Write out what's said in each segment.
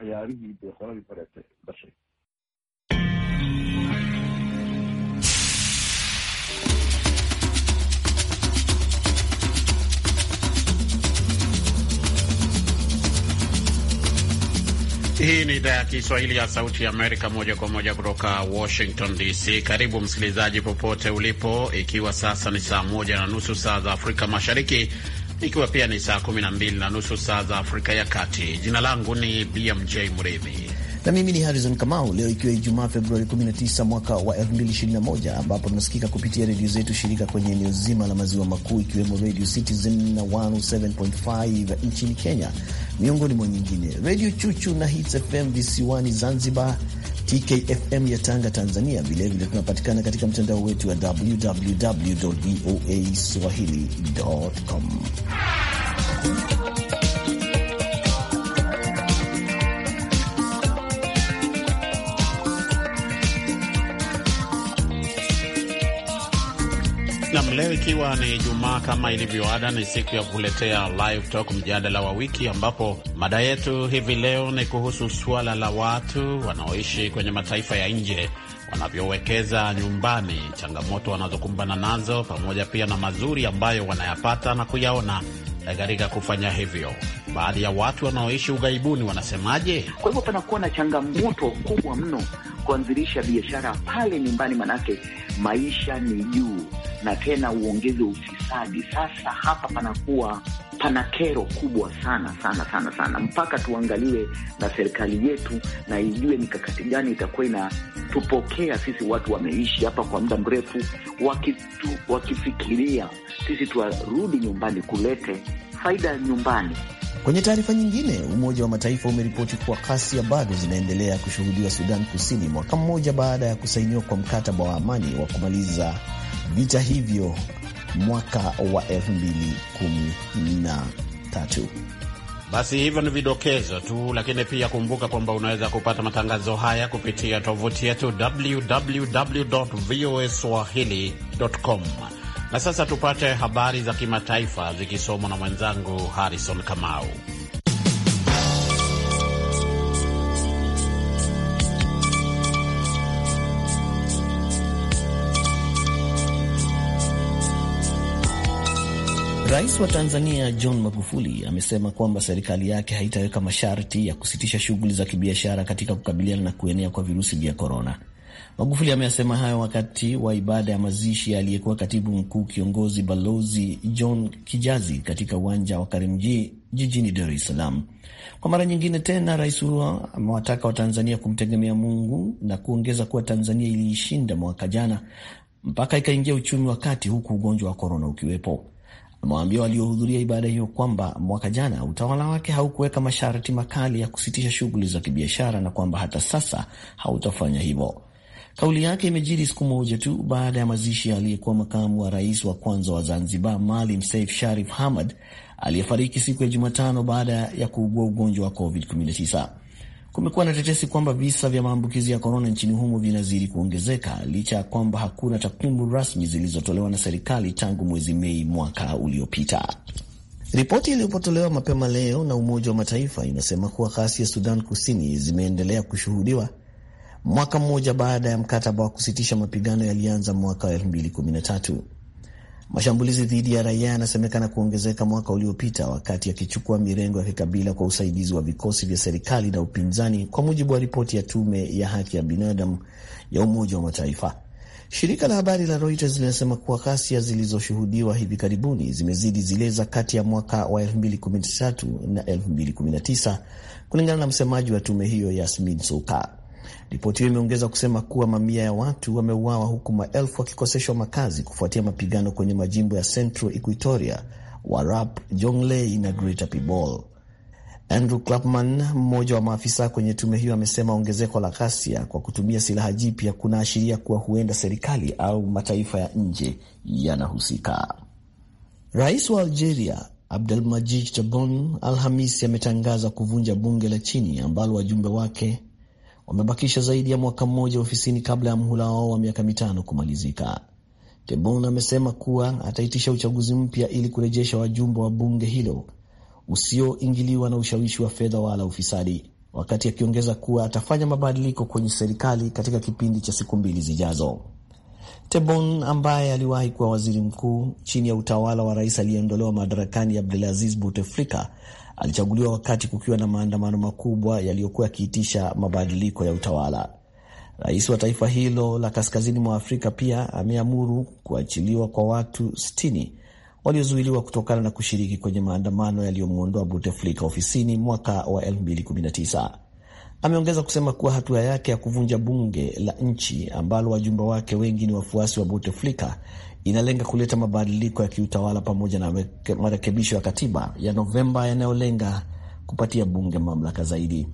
waxyaabihii dee qoladii bareetay dhashay Hii ni idhaa ya Kiswahili ya Sauti ya Amerika, moja kwa moja kutoka Washington DC. Karibu msikilizaji, popote ulipo, ikiwa sasa ni saa moja na nusu saa za Afrika Mashariki ikiwa pia ni saa 12 na nusu saa za Afrika ya Kati. Jina langu ni BMJ Mridhi na mimi ni Harrison Kamau. Leo ikiwa Ijumaa Februari 19 mwaka wa 2021, ambapo tunasikika kupitia redio zetu shirika kwenye eneo zima la maziwa makuu ikiwemo Radio Citizen na 107.5 nchini Kenya, miongoni mwa nyingine, redio Chuchu na Hits FM visiwani Zanzibar TKFM ya Tanga, Tanzania. Vilevile tunapatikana katika mtandao wetu wa www voa swahili com Nam, leo ikiwa ni Jumaa, kama ilivyo ada, ni siku ya kuletea Live Talk, mjadala wa wiki, ambapo mada yetu hivi leo ni kuhusu suala la watu wanaoishi kwenye mataifa ya nje wanavyowekeza nyumbani, changamoto wanazokumbana nazo, pamoja pia na mazuri ambayo wanayapata na kuyaona katika kufanya hivyo. Baadhi ya watu wanaoishi ughaibuni wanasemaje? Kwa hivyo panakuwa na changamoto kubwa mno kuanzirisha biashara pale nyumbani, manake maisha ni juu, na tena uongeze ufisadi. Sasa hapa panakuwa pana kero kubwa sana sana sana sana, mpaka tuangaliwe na serikali yetu na ijue mikakati gani itakuwa inatupokea sisi. Watu wameishi hapa kwa muda mrefu, wakitu, wakifikiria sisi tuwarudi nyumbani, kulete faida nyumbani Kwenye taarifa nyingine, Umoja wa Mataifa umeripoti kuwa kasi ya bado zinaendelea kushuhudiwa Sudan Kusini, mwaka mmoja baada ya kusainiwa kwa mkataba wa amani wa kumaliza vita hivyo mwaka wa 2013. Basi hivyo ni vidokezo tu, lakini pia kumbuka kwamba unaweza kupata matangazo haya kupitia tovuti yetu www voa swahili.com na sasa tupate habari za kimataifa zikisomwa na mwenzangu Harrison Kamau. Rais wa Tanzania John Magufuli amesema kwamba serikali yake haitaweka masharti ya kusitisha shughuli za kibiashara katika kukabiliana na kuenea kwa virusi vya korona. Magufuli ameyasema hayo wakati wa ibada ya mazishi aliyekuwa katibu mkuu kiongozi Balozi John Kijazi katika uwanja wa Karimjee jijini Dar es Salaam. Kwa mara nyingine tena, Rais Uhuru amewataka Watanzania kumtegemea Mungu na kuongeza kuwa Tanzania iliishinda mwaka jana mpaka ikaingia uchumi wa kati, huku ugonjwa wa korona ukiwepo. Amewaambia waliohudhuria ibada hiyo kwamba mwaka jana utawala wake haukuweka masharti makali ya kusitisha shughuli za kibiashara na kwamba hata sasa hautafanya hivyo. Kauli yake imejiri siku moja tu baada ya mazishi aliyekuwa makamu wa rais wa kwanza wa Zanzibar, Maalim saif Sharif Hamad, aliyefariki siku ya Jumatano baada ya kuugua ugonjwa wa COVID-19. Kumekuwa na tetesi kwamba visa vya maambukizi ya korona nchini humo vinazidi kuongezeka licha ya kwamba hakuna takwimu rasmi zilizotolewa na serikali tangu mwezi Mei mwaka uliopita. Ripoti iliyopotolewa mapema leo na Umoja wa Mataifa inasema kuwa ghasia ya Sudan Kusini zimeendelea kushuhudiwa mwaka mmoja baada ya mkataba wa kusitisha mapigano yalianza mwaka wa 2013. Mashambulizi dhidi ya raia yanasemekana kuongezeka mwaka uliopita, wakati akichukua mirengo ya kikabila kwa usaidizi wa vikosi vya serikali na upinzani, kwa mujibu wa ripoti ya tume ya haki ya binadamu ya Umoja wa Mataifa. Shirika la habari la Reuters linasema kuwa ghasia zilizoshuhudiwa hivi karibuni zimezidi zile za kati ya mwaka wa 2013 na 2019, kulingana na msemaji wa tume hiyo Yasmin Soka. Ripoti hiyo imeongeza kusema kuwa mamia ya watu wameuawa huku maelfu wakikoseshwa makazi kufuatia mapigano kwenye majimbo ya Central Equatoria, warap Jonglei na Greater Pibol. Andrew Clapman, mmoja wa maafisa kwenye tume hiyo, amesema ongezeko la ghasia kwa kutumia silaha jipya kunaashiria kuwa huenda serikali au mataifa ya nje yanahusika. Rais wa Algeria Abdelmadjid Tebboune Alhamisi ametangaza kuvunja bunge la chini ambalo wajumbe wake wamebakisha zaidi ya mwaka mmoja ofisini kabla ya mhula wao wa miaka mitano kumalizika. Tebboune amesema kuwa ataitisha uchaguzi mpya ili kurejesha wajumbe wa bunge hilo usioingiliwa na ushawishi wa fedha wala ufisadi, wakati akiongeza kuwa atafanya mabadiliko kwenye serikali katika kipindi cha siku mbili zijazo. tebon ambaye aliwahi kuwa waziri mkuu chini ya utawala wa rais aliyeondolewa madarakani Abdulaziz Bouteflika Alichaguliwa wakati kukiwa na maandamano makubwa yaliyokuwa yakiitisha mabadiliko ya utawala. Rais wa taifa hilo la kaskazini mwa Afrika pia ameamuru kuachiliwa kwa watu 60 waliozuiliwa kutokana na kushiriki kwenye maandamano yaliyomwondoa buteflika ofisini mwaka wa 2019. Ameongeza kusema kuwa hatua yake ya kuvunja bunge la nchi ambalo wajumbe wake wengi ni wafuasi wa Bouteflika inalenga kuleta mabadiliko ya kiutawala pamoja na marekebisho ya katiba ya Novemba yanayolenga kupatia bunge mamlaka zaidi.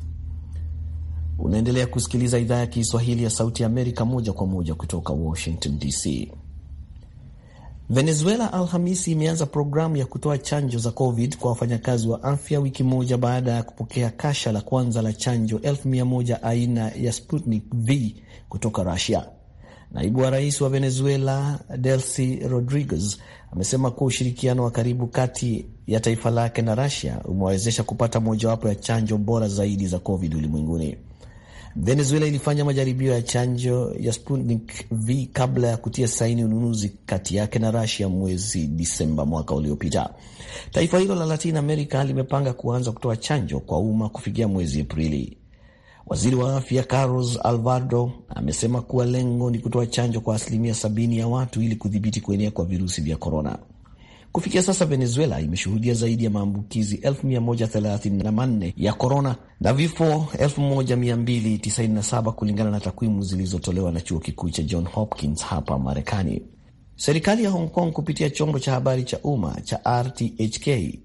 Unaendelea kusikiliza idhaa ya Kiswahili ya Sauti ya Amerika moja kwa moja kutoka Washington DC. Venezuela Alhamisi imeanza programu ya kutoa chanjo za COVID kwa wafanyakazi wa afya wiki moja baada ya kupokea kasha la kwanza la chanjo elfu mia moja aina ya Sputnik V kutoka Rusia. Naibu wa rais wa Venezuela Delcy Rodriguez amesema kuwa ushirikiano wa karibu kati ya taifa lake na rasia umewawezesha kupata mojawapo ya chanjo bora zaidi za COVID ulimwenguni. Venezuela ilifanya majaribio ya chanjo ya Sputnik V kabla ya kutia saini ununuzi kati yake na rasia mwezi Disemba mwaka uliopita. Taifa hilo la Latin America limepanga kuanza kutoa chanjo kwa umma kufikia mwezi Aprili. Waziri wa afya Carlos alvardo amesema kuwa lengo ni kutoa chanjo kwa asilimia sabini ya watu ili kudhibiti kuenea kwa virusi vya korona. Kufikia sasa Venezuela imeshuhudia zaidi ya maambukizi 134 ya korona na vifo 1297 kulingana na takwimu zilizotolewa na chuo kikuu cha John Hopkins hapa Marekani. Serikali ya Hong Kong kupitia chombo cha habari cha umma cha RTHK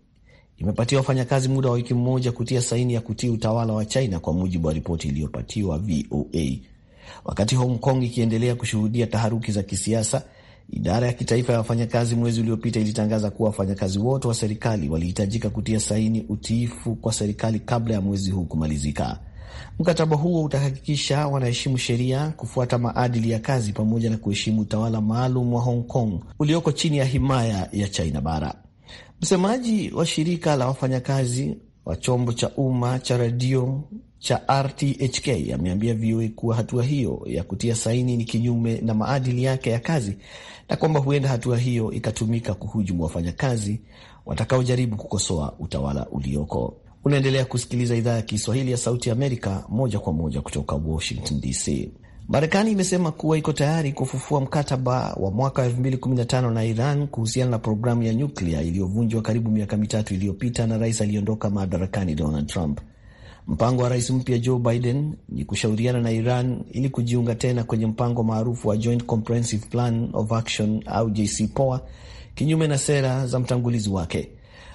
imepatia wafanyakazi muda wa wiki mmoja kutia saini ya kutii utawala wa China, kwa mujibu wa ripoti iliyopatiwa VOA. Wakati Hong Kong ikiendelea kushuhudia taharuki za kisiasa, idara ya kitaifa ya wafanyakazi mwezi uliopita ilitangaza kuwa wafanyakazi wote wa serikali walihitajika kutia saini utiifu kwa serikali kabla ya mwezi huu kumalizika. Mkataba huo utahakikisha wanaheshimu sheria, kufuata maadili ya kazi, pamoja na kuheshimu utawala maalum wa Hong Kong ulioko chini ya himaya ya China bara. Msemaji wa shirika la wafanyakazi wa chombo cha umma cha redio cha RTHK ameambia VOA kuwa hatua hiyo ya kutia saini ni kinyume na maadili yake ya kazi na kwamba huenda hatua hiyo ikatumika kuhujumu wafanyakazi watakaojaribu kukosoa utawala ulioko. Unaendelea kusikiliza idhaa ya Kiswahili ya Sauti ya Amerika moja kwa moja kutoka Washington DC. Marekani imesema kuwa iko tayari kufufua mkataba wa mwaka 2015 na Iran kuhusiana na programu ya nyuklia iliyovunjwa karibu miaka mitatu iliyopita na rais aliyeondoka madarakani Donald Trump. Mpango wa rais mpya Joe Biden ni kushauriana na Iran ili kujiunga tena kwenye mpango maarufu wa Joint Comprehensive Plan of Action au JCPOA, kinyume na sera za mtangulizi wake.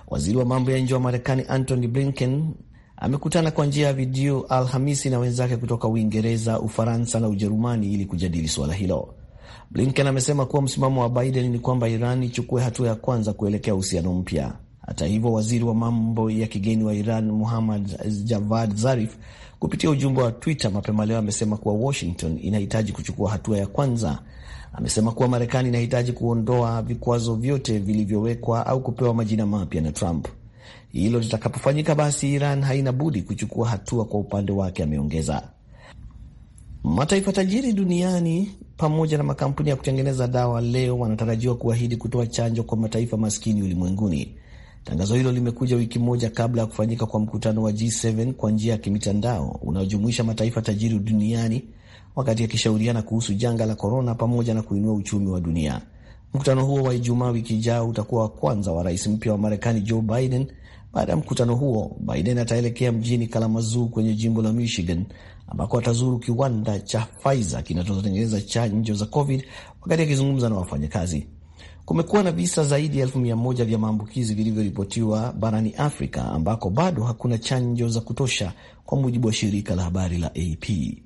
Waziri wa mambo ya nje wa Marekani Antony Blinken amekutana kwa njia ya video Alhamisi na wenzake kutoka Uingereza, Ufaransa na Ujerumani ili kujadili suala hilo. Blinken amesema kuwa msimamo wa Biden ni kwamba Iran ichukue hatua ya kwanza kuelekea uhusiano mpya. Hata hivyo, waziri wa mambo ya kigeni wa Iran Muhammad Javad Zarif kupitia ujumbe wa Twitter mapema leo amesema kuwa Washington inahitaji kuchukua hatua ya kwanza. Amesema kuwa Marekani inahitaji kuondoa vikwazo vyote vilivyowekwa au kupewa majina mapya na Trump. Hilo litakapofanyika, basi Iran haina budi kuchukua hatua kwa upande wake, ameongeza. Mataifa tajiri duniani pamoja na makampuni ya kutengeneza dawa leo wanatarajiwa kuahidi kutoa chanjo kwa mataifa maskini ulimwenguni. Tangazo hilo limekuja wiki moja kabla ya kufanyika kwa mkutano wa G7 kwa njia ya kimitandao unaojumuisha mataifa tajiri duniani wakati akishauriana kuhusu janga la korona pamoja na kuinua uchumi wa dunia. Mkutano huo wa Ijumaa wiki ijao utakuwa wa kwanza wa rais mpya wa Marekani Joe Biden baada ya mkutano huo, Biden ataelekea mjini Kalamazoo kwenye jimbo la Michigan, ambako atazuru kiwanda cha Pfizer kinachotengeneza chanjo za COVID. Wakati akizungumza na wafanyakazi, kumekuwa na visa zaidi ya elfu mia moja vya maambukizi vilivyoripotiwa barani Afrika, ambako bado hakuna chanjo za kutosha, kwa mujibu wa shirika la habari la AP.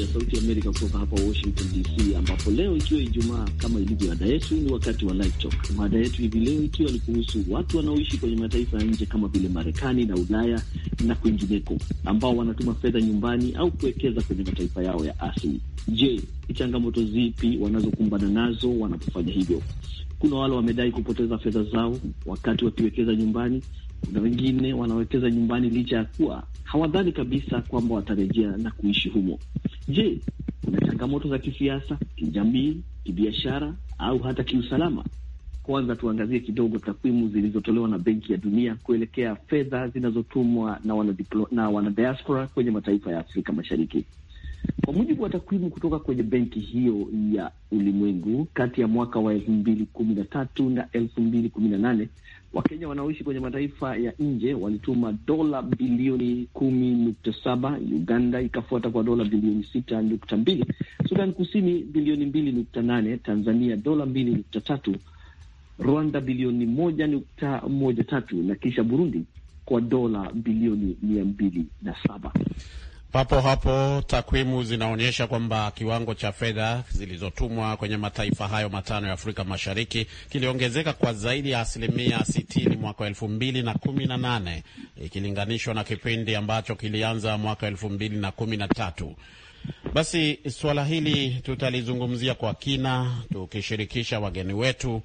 ya Sauti ya Amerika kutoka hapa Washington DC, ambapo leo ikiwa Ijumaa, kama ilivyo ada yetu, ni wakati wa live talk. Mada yetu hivi leo ikiwa ni kuhusu watu wanaoishi kwenye mataifa ya nje kama vile Marekani na Ulaya na kwingineko, ambao wanatuma fedha nyumbani au kuwekeza kwenye mataifa yao ya asili. Je, ni changamoto zipi wanazokumbana nazo wanapofanya hivyo? Kuna wale wamedai kupoteza fedha zao wakati wakiwekeza nyumbani na wengine wanawekeza nyumbani licha ya kuwa hawadhani kabisa kwamba watarejea na kuishi humo. Je, kuna changamoto za kisiasa, kijamii, kibiashara au hata kiusalama? Kwanza tuangazie kidogo takwimu zilizotolewa na Benki ya Dunia kuelekea fedha zinazotumwa na wanadiplo, na wanadiaspora kwenye mataifa ya Afrika Mashariki. Kwa mujibu wa takwimu kutoka kwenye benki hiyo ya ulimwengu, kati ya mwaka wa elfu mbili kumi na tatu na elfu mbili kumi na nane Wakenya wanaoishi kwenye mataifa ya nje walituma dola bilioni kumi nukta saba Uganda ikafuata kwa dola bilioni sita nukta mbili Sudan Kusini bilioni mbili nukta nane Tanzania dola mbili nukta tatu Rwanda bilioni moja nukta moja tatu na kisha Burundi kwa dola bilioni mia mbili na saba. Papo hapo takwimu zinaonyesha kwamba kiwango cha fedha zilizotumwa kwenye mataifa hayo matano ya Afrika Mashariki kiliongezeka kwa zaidi ya asilimia 60 mwaka wa na nane ikilinganishwa na kipindi ambacho kilianza mwaka 2013. elfu mbili na tatu. Basi suala hili tutalizungumzia kwa kina tukishirikisha wageni wetu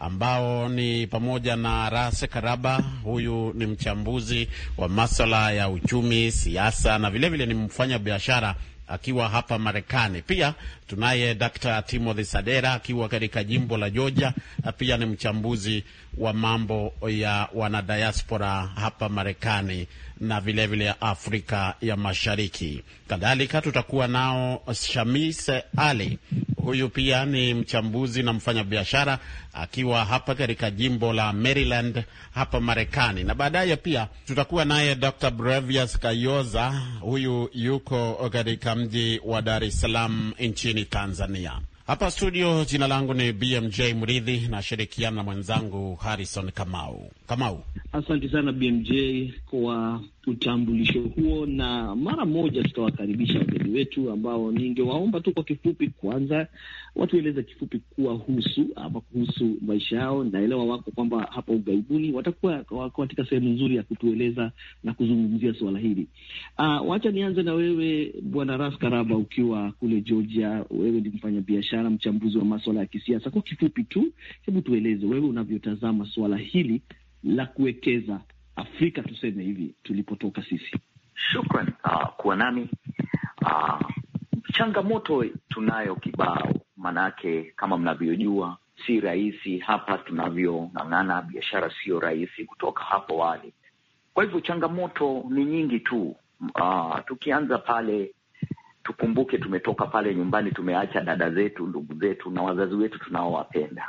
ambao ni pamoja na Ras Karaba. Huyu ni mchambuzi wa maswala ya uchumi, siasa na vilevile vile ni mfanya biashara akiwa hapa Marekani. Pia tunaye Dr. Timothy Sadera akiwa katika jimbo la Georgia, pia ni mchambuzi wa mambo ya wanadiaspora hapa Marekani na vilevile vile Afrika ya Mashariki. Kadhalika tutakuwa nao Shamis Ali Huyu pia ni mchambuzi na mfanyabiashara akiwa hapa katika jimbo la Maryland hapa Marekani, na baadaye pia tutakuwa naye Dr. Brevius Kayoza, huyu yuko katika mji wa Dar es Salaam nchini Tanzania. Hapa studio, jina langu ni BMJ Mridhi, nashirikiana na mwenzangu Harrison Kamau. Kamau. Asante sana BMJ kwa utambulisho huo, na mara moja tutawakaribisha wageni wetu ambao ningewaomba tu kwa kifupi, kwanza watueleze kifupi kuwa husu ama kuhusu maisha yao. Naelewa wako kwamba hapa ughaibuni, watakuwa wako katika sehemu nzuri ya kutueleza na kuzungumzia suala hili. Uh, wacha nianze na wewe Bwana Ras Karaba, ukiwa kule Georgia. Wewe ni mfanya biashara, mchambuzi wa maswala ya kisiasa. Kwa kifupi tu, hebu tueleze wewe unavyotazama suala hili la kuwekeza Afrika, tuseme hivi tulipotoka sisi. Shukran uh, kuwa nami uh, changamoto tunayo kibao, manake kama mnavyojua si rahisi hapa tunavyong'ang'ana, biashara siyo rahisi kutoka hapo wali Kwa hivyo changamoto ni nyingi tu. Uh, tukianza pale, tukumbuke tumetoka pale nyumbani, tumeacha dada zetu, ndugu zetu na wazazi wetu tunaowapenda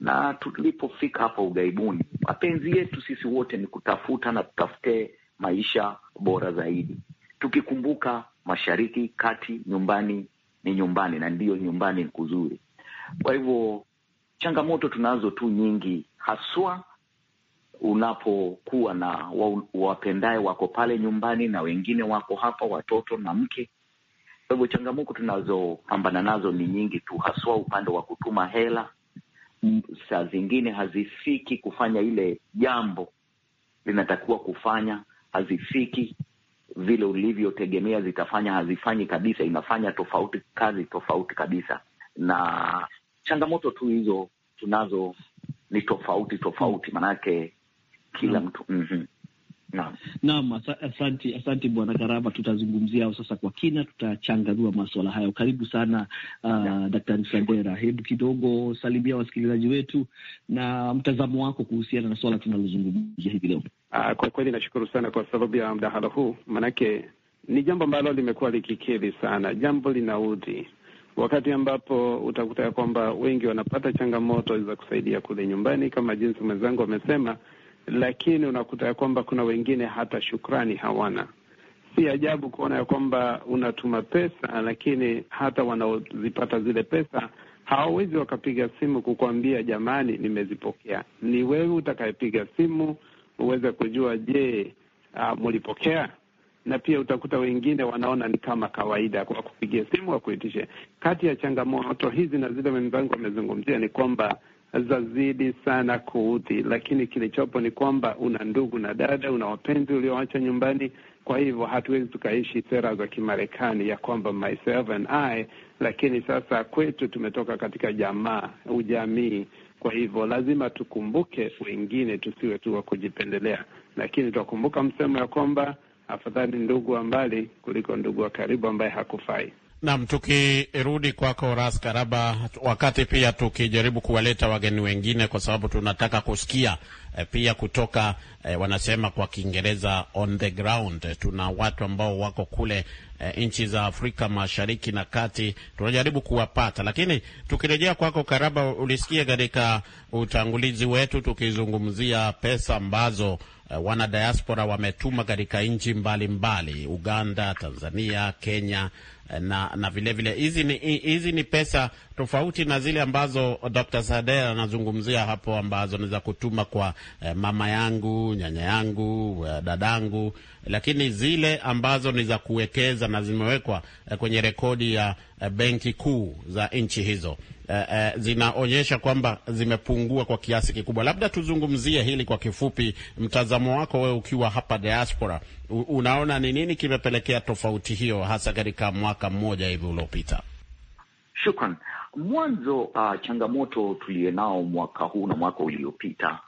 na tulipofika hapa ughaibuni, mapenzi yetu sisi wote ni kutafuta na tutafute maisha bora zaidi, tukikumbuka mashariki kati, nyumbani ni nyumbani, na ndiyo nyumbani ni kuzuri. Kwa hivyo changamoto tunazo tu nyingi, haswa unapokuwa na wapendae wako pale nyumbani na wengine wako hapa, watoto na mke. Kwa hivyo changamoto tunazopambana nazo ni nyingi tu, haswa upande wa kutuma hela saa zingine hazifiki kufanya ile jambo linatakiwa kufanya, hazifiki vile ulivyotegemea zitafanya, hazifanyi kabisa, inafanya tofauti, kazi tofauti kabisa. Na changamoto tu hizo tunazo ni tofauti tofauti, maanake kila mm. mtu mm -hmm. Naam, asanti asante, asante Bwana Karama, tutazungumzia hao sasa kwa kina, tutachanganua maswala hayo. Karibu sana uh, Daktari Sandera, hebu kidogo salimia wasikilizaji wetu na mtazamo wako kuhusiana na swala tunalozungumzia hivi leo. Uh, kwa kweli nashukuru sana kwa sababu ya mdahalo huu, maanake ni jambo ambalo limekuwa likikeli sana, jambo linaudhi wakati ambapo utakuta ya kwamba wengi wanapata changamoto za kusaidia kule nyumbani, kama jinsi mwenzangu amesema lakini unakuta ya kwamba kuna wengine hata shukrani hawana. Si ajabu kuona ya kwamba unatuma pesa, lakini hata wanaozipata zile pesa hawawezi wakapiga simu kukuambia jamani, nimezipokea. Ni wewe utakayepiga simu uweze kujua, je, uh, mulipokea? Na pia utakuta wengine wanaona ni kama kawaida, kwa kupigia simu wakuitishe. Kati ya changamoto hizi na zile wenzangu wamezungumzia ni kwamba zazidi sana kuudhi, lakini kilichopo ni kwamba una ndugu na dada, una wapenzi ulioacha nyumbani. Kwa hivyo hatuwezi tukaishi sera za Kimarekani ya kwamba myself and I, lakini sasa kwetu tumetoka katika jamaa, ujamii. Kwa hivyo lazima tukumbuke wengine, tusiwe tu wa kujipendelea, lakini tutakumbuka msemo ya kwamba afadhali ndugu wa mbali kuliko ndugu wa karibu ambaye hakufai. Nam, tukirudi kwako Ras Karaba, wakati pia tukijaribu kuwaleta wageni wengine, kwa sababu tunataka kusikia e, pia kutoka e, wanasema kwa Kiingereza on the ground. Tuna watu ambao wako kule e, nchi za Afrika Mashariki na Kati, tunajaribu kuwapata. Lakini tukirejea kwako Karaba, ulisikia katika utangulizi wetu tukizungumzia pesa ambazo e, wana diaspora wametuma katika nchi mbalimbali, Uganda, Tanzania, Kenya na na vilevile hizi ni, hizi ni pesa tofauti na zile ambazo Dr. Sader anazungumzia hapo ambazo ni za kutuma kwa eh, mama yangu, nyanya yangu, eh, dadangu, lakini zile ambazo ni za kuwekeza na zimewekwa eh, kwenye rekodi ya benki kuu za nchi hizo zinaonyesha kwamba zimepungua kwa kiasi kikubwa. Labda tuzungumzie hili kwa kifupi, mtazamo wako wewe ukiwa hapa diaspora unaona ni nini kimepelekea tofauti hiyo hasa katika mwaka mmoja hivi uliopita? Shukran. Mwanzo uh, changamoto nao mwaka huu na mwaka uliopita,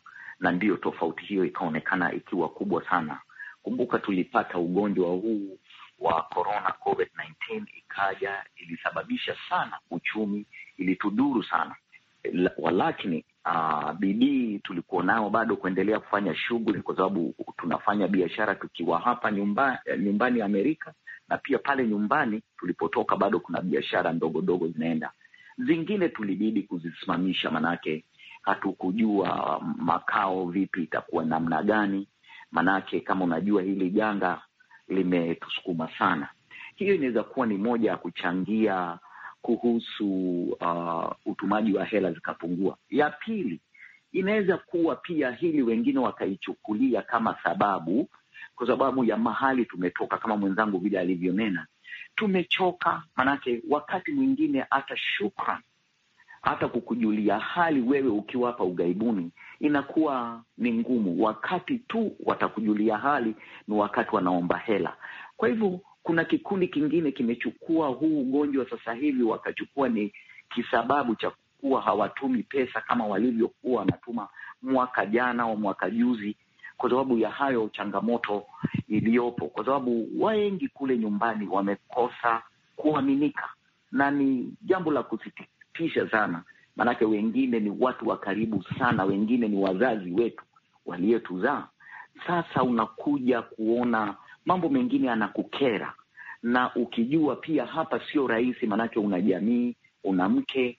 na ndiyo tofauti hiyo ikaonekana ikiwa kubwa sana. Kumbuka tulipata ugonjwa huu wa corona COVID-19, ikaja ilisababisha sana uchumi, ilituduru sana, walakini uh, bidii tulikuwa nao bado kuendelea kufanya shughuli, kwa sababu tunafanya biashara tukiwa hapa nyumba, eh, nyumbani Amerika, na pia pale nyumbani tulipotoka bado kuna biashara ndogo ndogo zinaenda. Zingine tulibidi kuzisimamisha, manake hatukujua um, makao vipi itakuwa namna gani, manake kama unajua hili janga limetusukuma sana. Hiyo inaweza kuwa ni moja ya kuchangia kuhusu uh, utumaji wa hela zikapungua. Ya pili inaweza kuwa pia hili wengine wakaichukulia kama sababu, kwa sababu ya mahali tumetoka, kama mwenzangu vile alivyonena, tumechoka. maanake wakati mwingine hata shukran, hata kukujulia hali wewe ukiwa hapa ughaibuni inakuwa ni ngumu. Wakati tu watakujulia hali ni wakati wanaomba hela, kwa hivyo kuna kikundi kingine kimechukua huu ugonjwa sasa hivi wakachukua ni kisababu cha kuwa hawatumi pesa kama walivyokuwa wanatuma mwaka jana au mwaka juzi, kwa sababu ya hayo changamoto iliyopo, kwa sababu wengi kule nyumbani wamekosa kuaminika, na ni jambo la kusikitisha sana, maanake wengine ni watu wa karibu sana, wengine ni wazazi wetu waliyetuzaa Sasa unakuja kuona mambo mengine yanakukera, na ukijua pia hapa sio rahisi, maanake una jamii, una mke,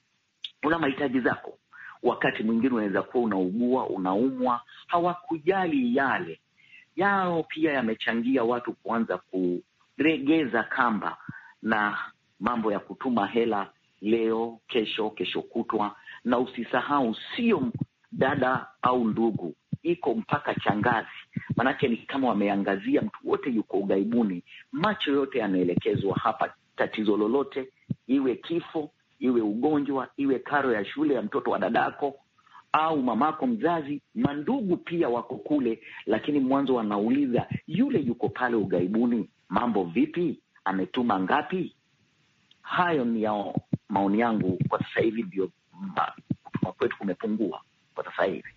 una mahitaji zako. Wakati mwingine unaweza kuwa unaugua, unaumwa, hawakujali yale yao. Pia yamechangia watu kuanza kuregeza kamba na mambo ya kutuma hela leo, kesho, kesho kutwa. Na usisahau, sio dada au ndugu iko mpaka Changazi, manake ni kama wameangazia mtu wote yuko ugaibuni, macho yote yanaelekezwa hapa. Tatizo lolote iwe kifo, iwe ugonjwa, iwe karo ya shule ya mtoto wa dadako au mamako mzazi, mandugu pia wako kule, lakini mwanzo wanauliza yule yuko pale ugaibuni, mambo vipi, ametuma ngapi? Hayo ni ya maoni yangu kwa sasa hivi, ndio kutuma kwetu kumepungua kwa sasa hivi.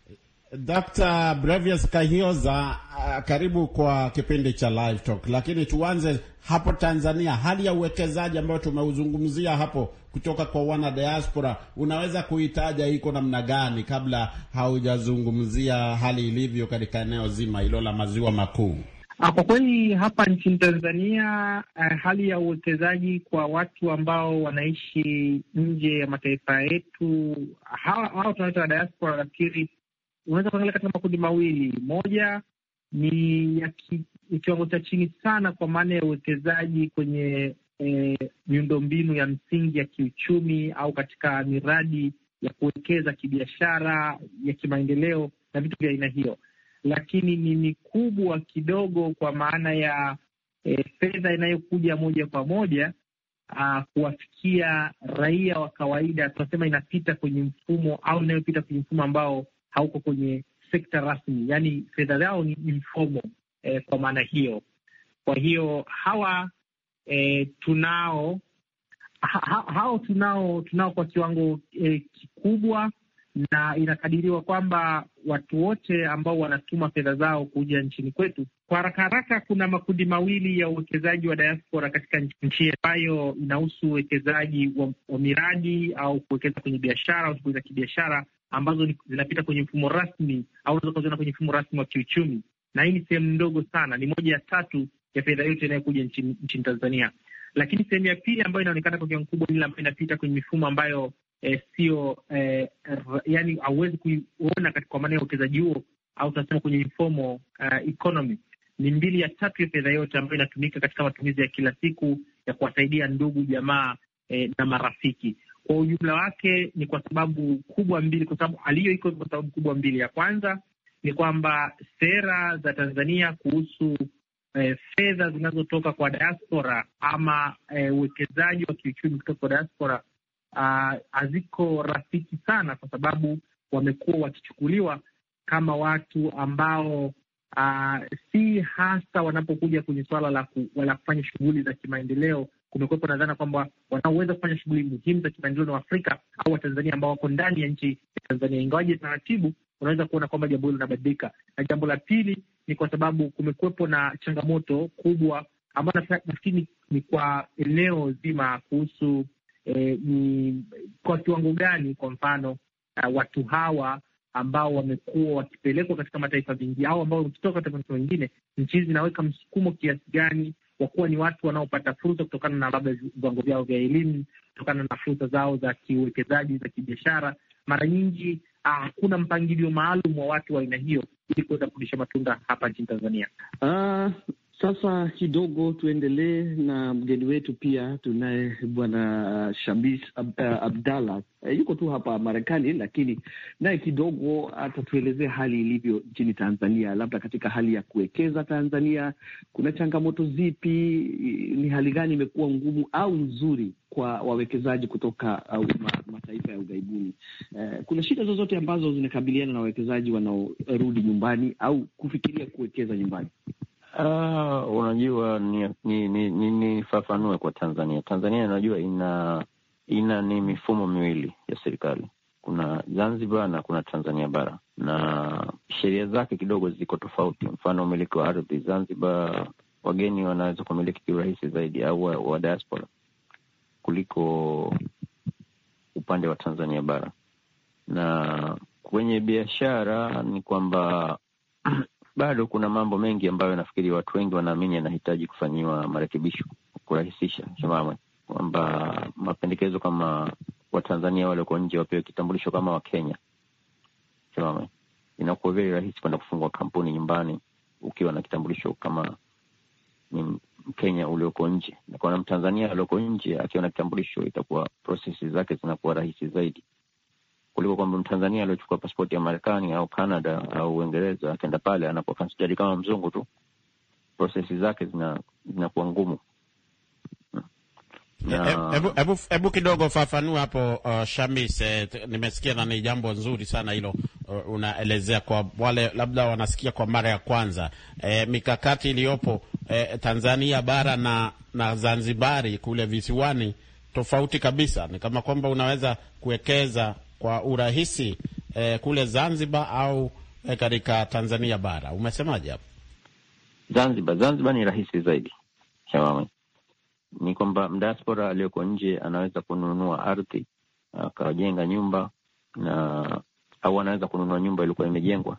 Dr. Brevius Kahioza, uh, karibu kwa kipindi cha Live Talk, lakini tuanze hapo Tanzania, hali ya uwekezaji ambayo tumeuzungumzia hapo kutoka kwa wana diaspora, unaweza kuitaja iko namna gani kabla haujazungumzia hali ilivyo katika eneo zima hilo la maziwa makuu? Ah, kwa kweli hapa nchini Tanzania eh, hali ya uwekezaji kwa watu ambao wanaishi nje ya mataifa yetu hao tunaita diaspora, nafikiri unaweza kuangalia katika makundi mawili. Moja ni ya kiwango cha chini sana, kwa maana ya uwekezaji kwenye e, miundombinu ya msingi ya kiuchumi au katika miradi ya kuwekeza kibiashara ya kimaendeleo na vitu vya aina hiyo, lakini ni mikubwa kidogo, kwa maana ya e, fedha inayokuja moja kwa moja Uh, kuwafikia raia wa kawaida tunasema inapita kwenye mfumo au inayopita kwenye mfumo ambao hauko kwenye sekta rasmi, yaani fedha zao ni informal eh, kwa maana hiyo. Kwa hiyo hawa eh, tunao ha, hao tunao tunao kwa kiwango eh, kikubwa, na inakadiriwa kwamba watu wote ambao wanatuma fedha zao kuja nchini kwetu kwa haraka haraka, kuna makundi mawili ya uwekezaji wa diaspora katika nchi ambayo inahusu uwekezaji wa, wa miradi au kuwekeza kwenye biashara au shughuli za kibiashara ambazo zinapita kwenye mfumo rasmi au unaweza ukaziona kwenye mfumo rasmi wa kiuchumi, na hii ni sehemu ndogo sana, ni moja ya tatu ya fedha yote inayokuja nchini, nchi Tanzania. Lakini sehemu ya pili ambayo inaonekana kwa kiwango kubwa ni ile ambayo inapita kwenye mifumo ambayo eh, sio eh, yani hauwezi kuiona kwa maana ya uwekezaji huo au tunasema kwenye informal uh, eh, economy ni mbili ya tatu ya fedha yote ambayo inatumika katika matumizi ya kila siku ya kuwasaidia ndugu jamaa eh, na marafiki. Kwa ujumla wake ni kwa sababu kubwa mbili, kwa sababu aliyo iko kwa sababu kubwa mbili. Ya kwanza ni kwamba sera za Tanzania kuhusu eh, fedha zinazotoka kwa diaspora ama eh, uwekezaji eh, wa kiuchumi kutoka kwa diaspora ah, haziko uh, rafiki sana, kwa sababu wamekuwa wakichukuliwa kama watu ambao uh, si hasa wanapokuja kwenye suala la ku, kufanya shughuli za kimaendeleo kumekuwepo na dhana kwamba wanaoweza kufanya shughuli muhimu za kimaendeleo na Waafrika au Watanzania ambao wako ndani ya nchi ya Tanzania, ingawaje taratibu unaweza kuona kwamba jambo hilo linabadilika. Na jambo la pili ni kwa sababu kumekuwepo na changamoto kubwa ambayo nafikiri ni kwa eneo zima kuhusu eh, ni kwa kiwango gani, kwa mfano uh, watu hawa ambao wamekuwa wakipelekwa katika mataifa mengi au ambao wakitoka katika mataifa mengine, nchi hizi zinaweka msukumo kiasi gani kwa kuwa ni watu wanaopata fursa kutokana na labda viwango vyao vya elimu, kutokana na fursa zao za kiuwekezaji, za kibiashara. Mara nyingi ah, hakuna mpangilio maalum wa watu wa aina hiyo ili kuweza kurudisha matunda hapa nchini Tanzania. Uh, sasa kidogo tuendelee na mgeni wetu pia tunaye bwana Shabis Ab eh, Abdalla e, yuko tu hapa Marekani, lakini naye kidogo atatuelezea hali ilivyo nchini Tanzania, labda katika hali ya kuwekeza Tanzania kuna changamoto zipi? Ni hali gani imekuwa ngumu au nzuri kwa wawekezaji kutoka uh, mataifa ya ughaibuni? E, kuna shida zozote ambazo zinakabiliana na wawekezaji wanaorudi nyumbani au kufikiria kuwekeza nyumbani? Uh, unajua nifafanue ni, ni, ni kwa Tanzania. Tanzania unajua ina ina ni mifumo miwili ya serikali, kuna Zanzibar na kuna Tanzania bara, na sheria zake kidogo ziko tofauti. Mfano, umiliki wa ardhi Zanzibar, wageni wanaweza kumiliki kiurahisi zaidi, au wa diaspora kuliko upande wa Tanzania bara. Na kwenye biashara ni kwamba bado kuna mambo mengi ambayo nafikiri watu wengi wanaamini yanahitaji kufanyiwa marekebisho kurahisisha shimamwe, kwamba mapendekezo kama Watanzania walioko nje wapewe kitambulisho kama Wakenya shimamwe, inakuwa very rahisi kwenda kufungua kampuni nyumbani ukiwa na kitambulisho kama ni Mkenya ulioko nje, na kwa Mtanzania alioko nje akiwa na kitambulisho, itakuwa prosesi zake zinakuwa rahisi zaidi kuliko kwamba Mtanzania aliochukua paspoti ya Marekani au Canada au Uingereza akenda pale anakua considered kama mzungu tu, prosesi zake zinakuwa ngumu. Eh, hebu kidogo fafanua hapo uh, Shamis eh, nimesikia na ni jambo nzuri sana hilo uh, unaelezea kwa wale labda wanasikia kwa mara ya kwanza eh, mikakati iliyopo eh, Tanzania bara na, na Zanzibari kule visiwani tofauti kabisa. Ni kama kwamba unaweza kuwekeza kwa urahisi eh, kule Zanzibar au eh, katika Tanzania bara? Umesemaje hapo? Zanzibar, Zanzibar ni rahisi zaidi Shawama. Ni kwamba mdiaspora aliyoko nje anaweza kununua ardhi akajenga nyumba na au anaweza kununua nyumba iliyokuwa imejengwa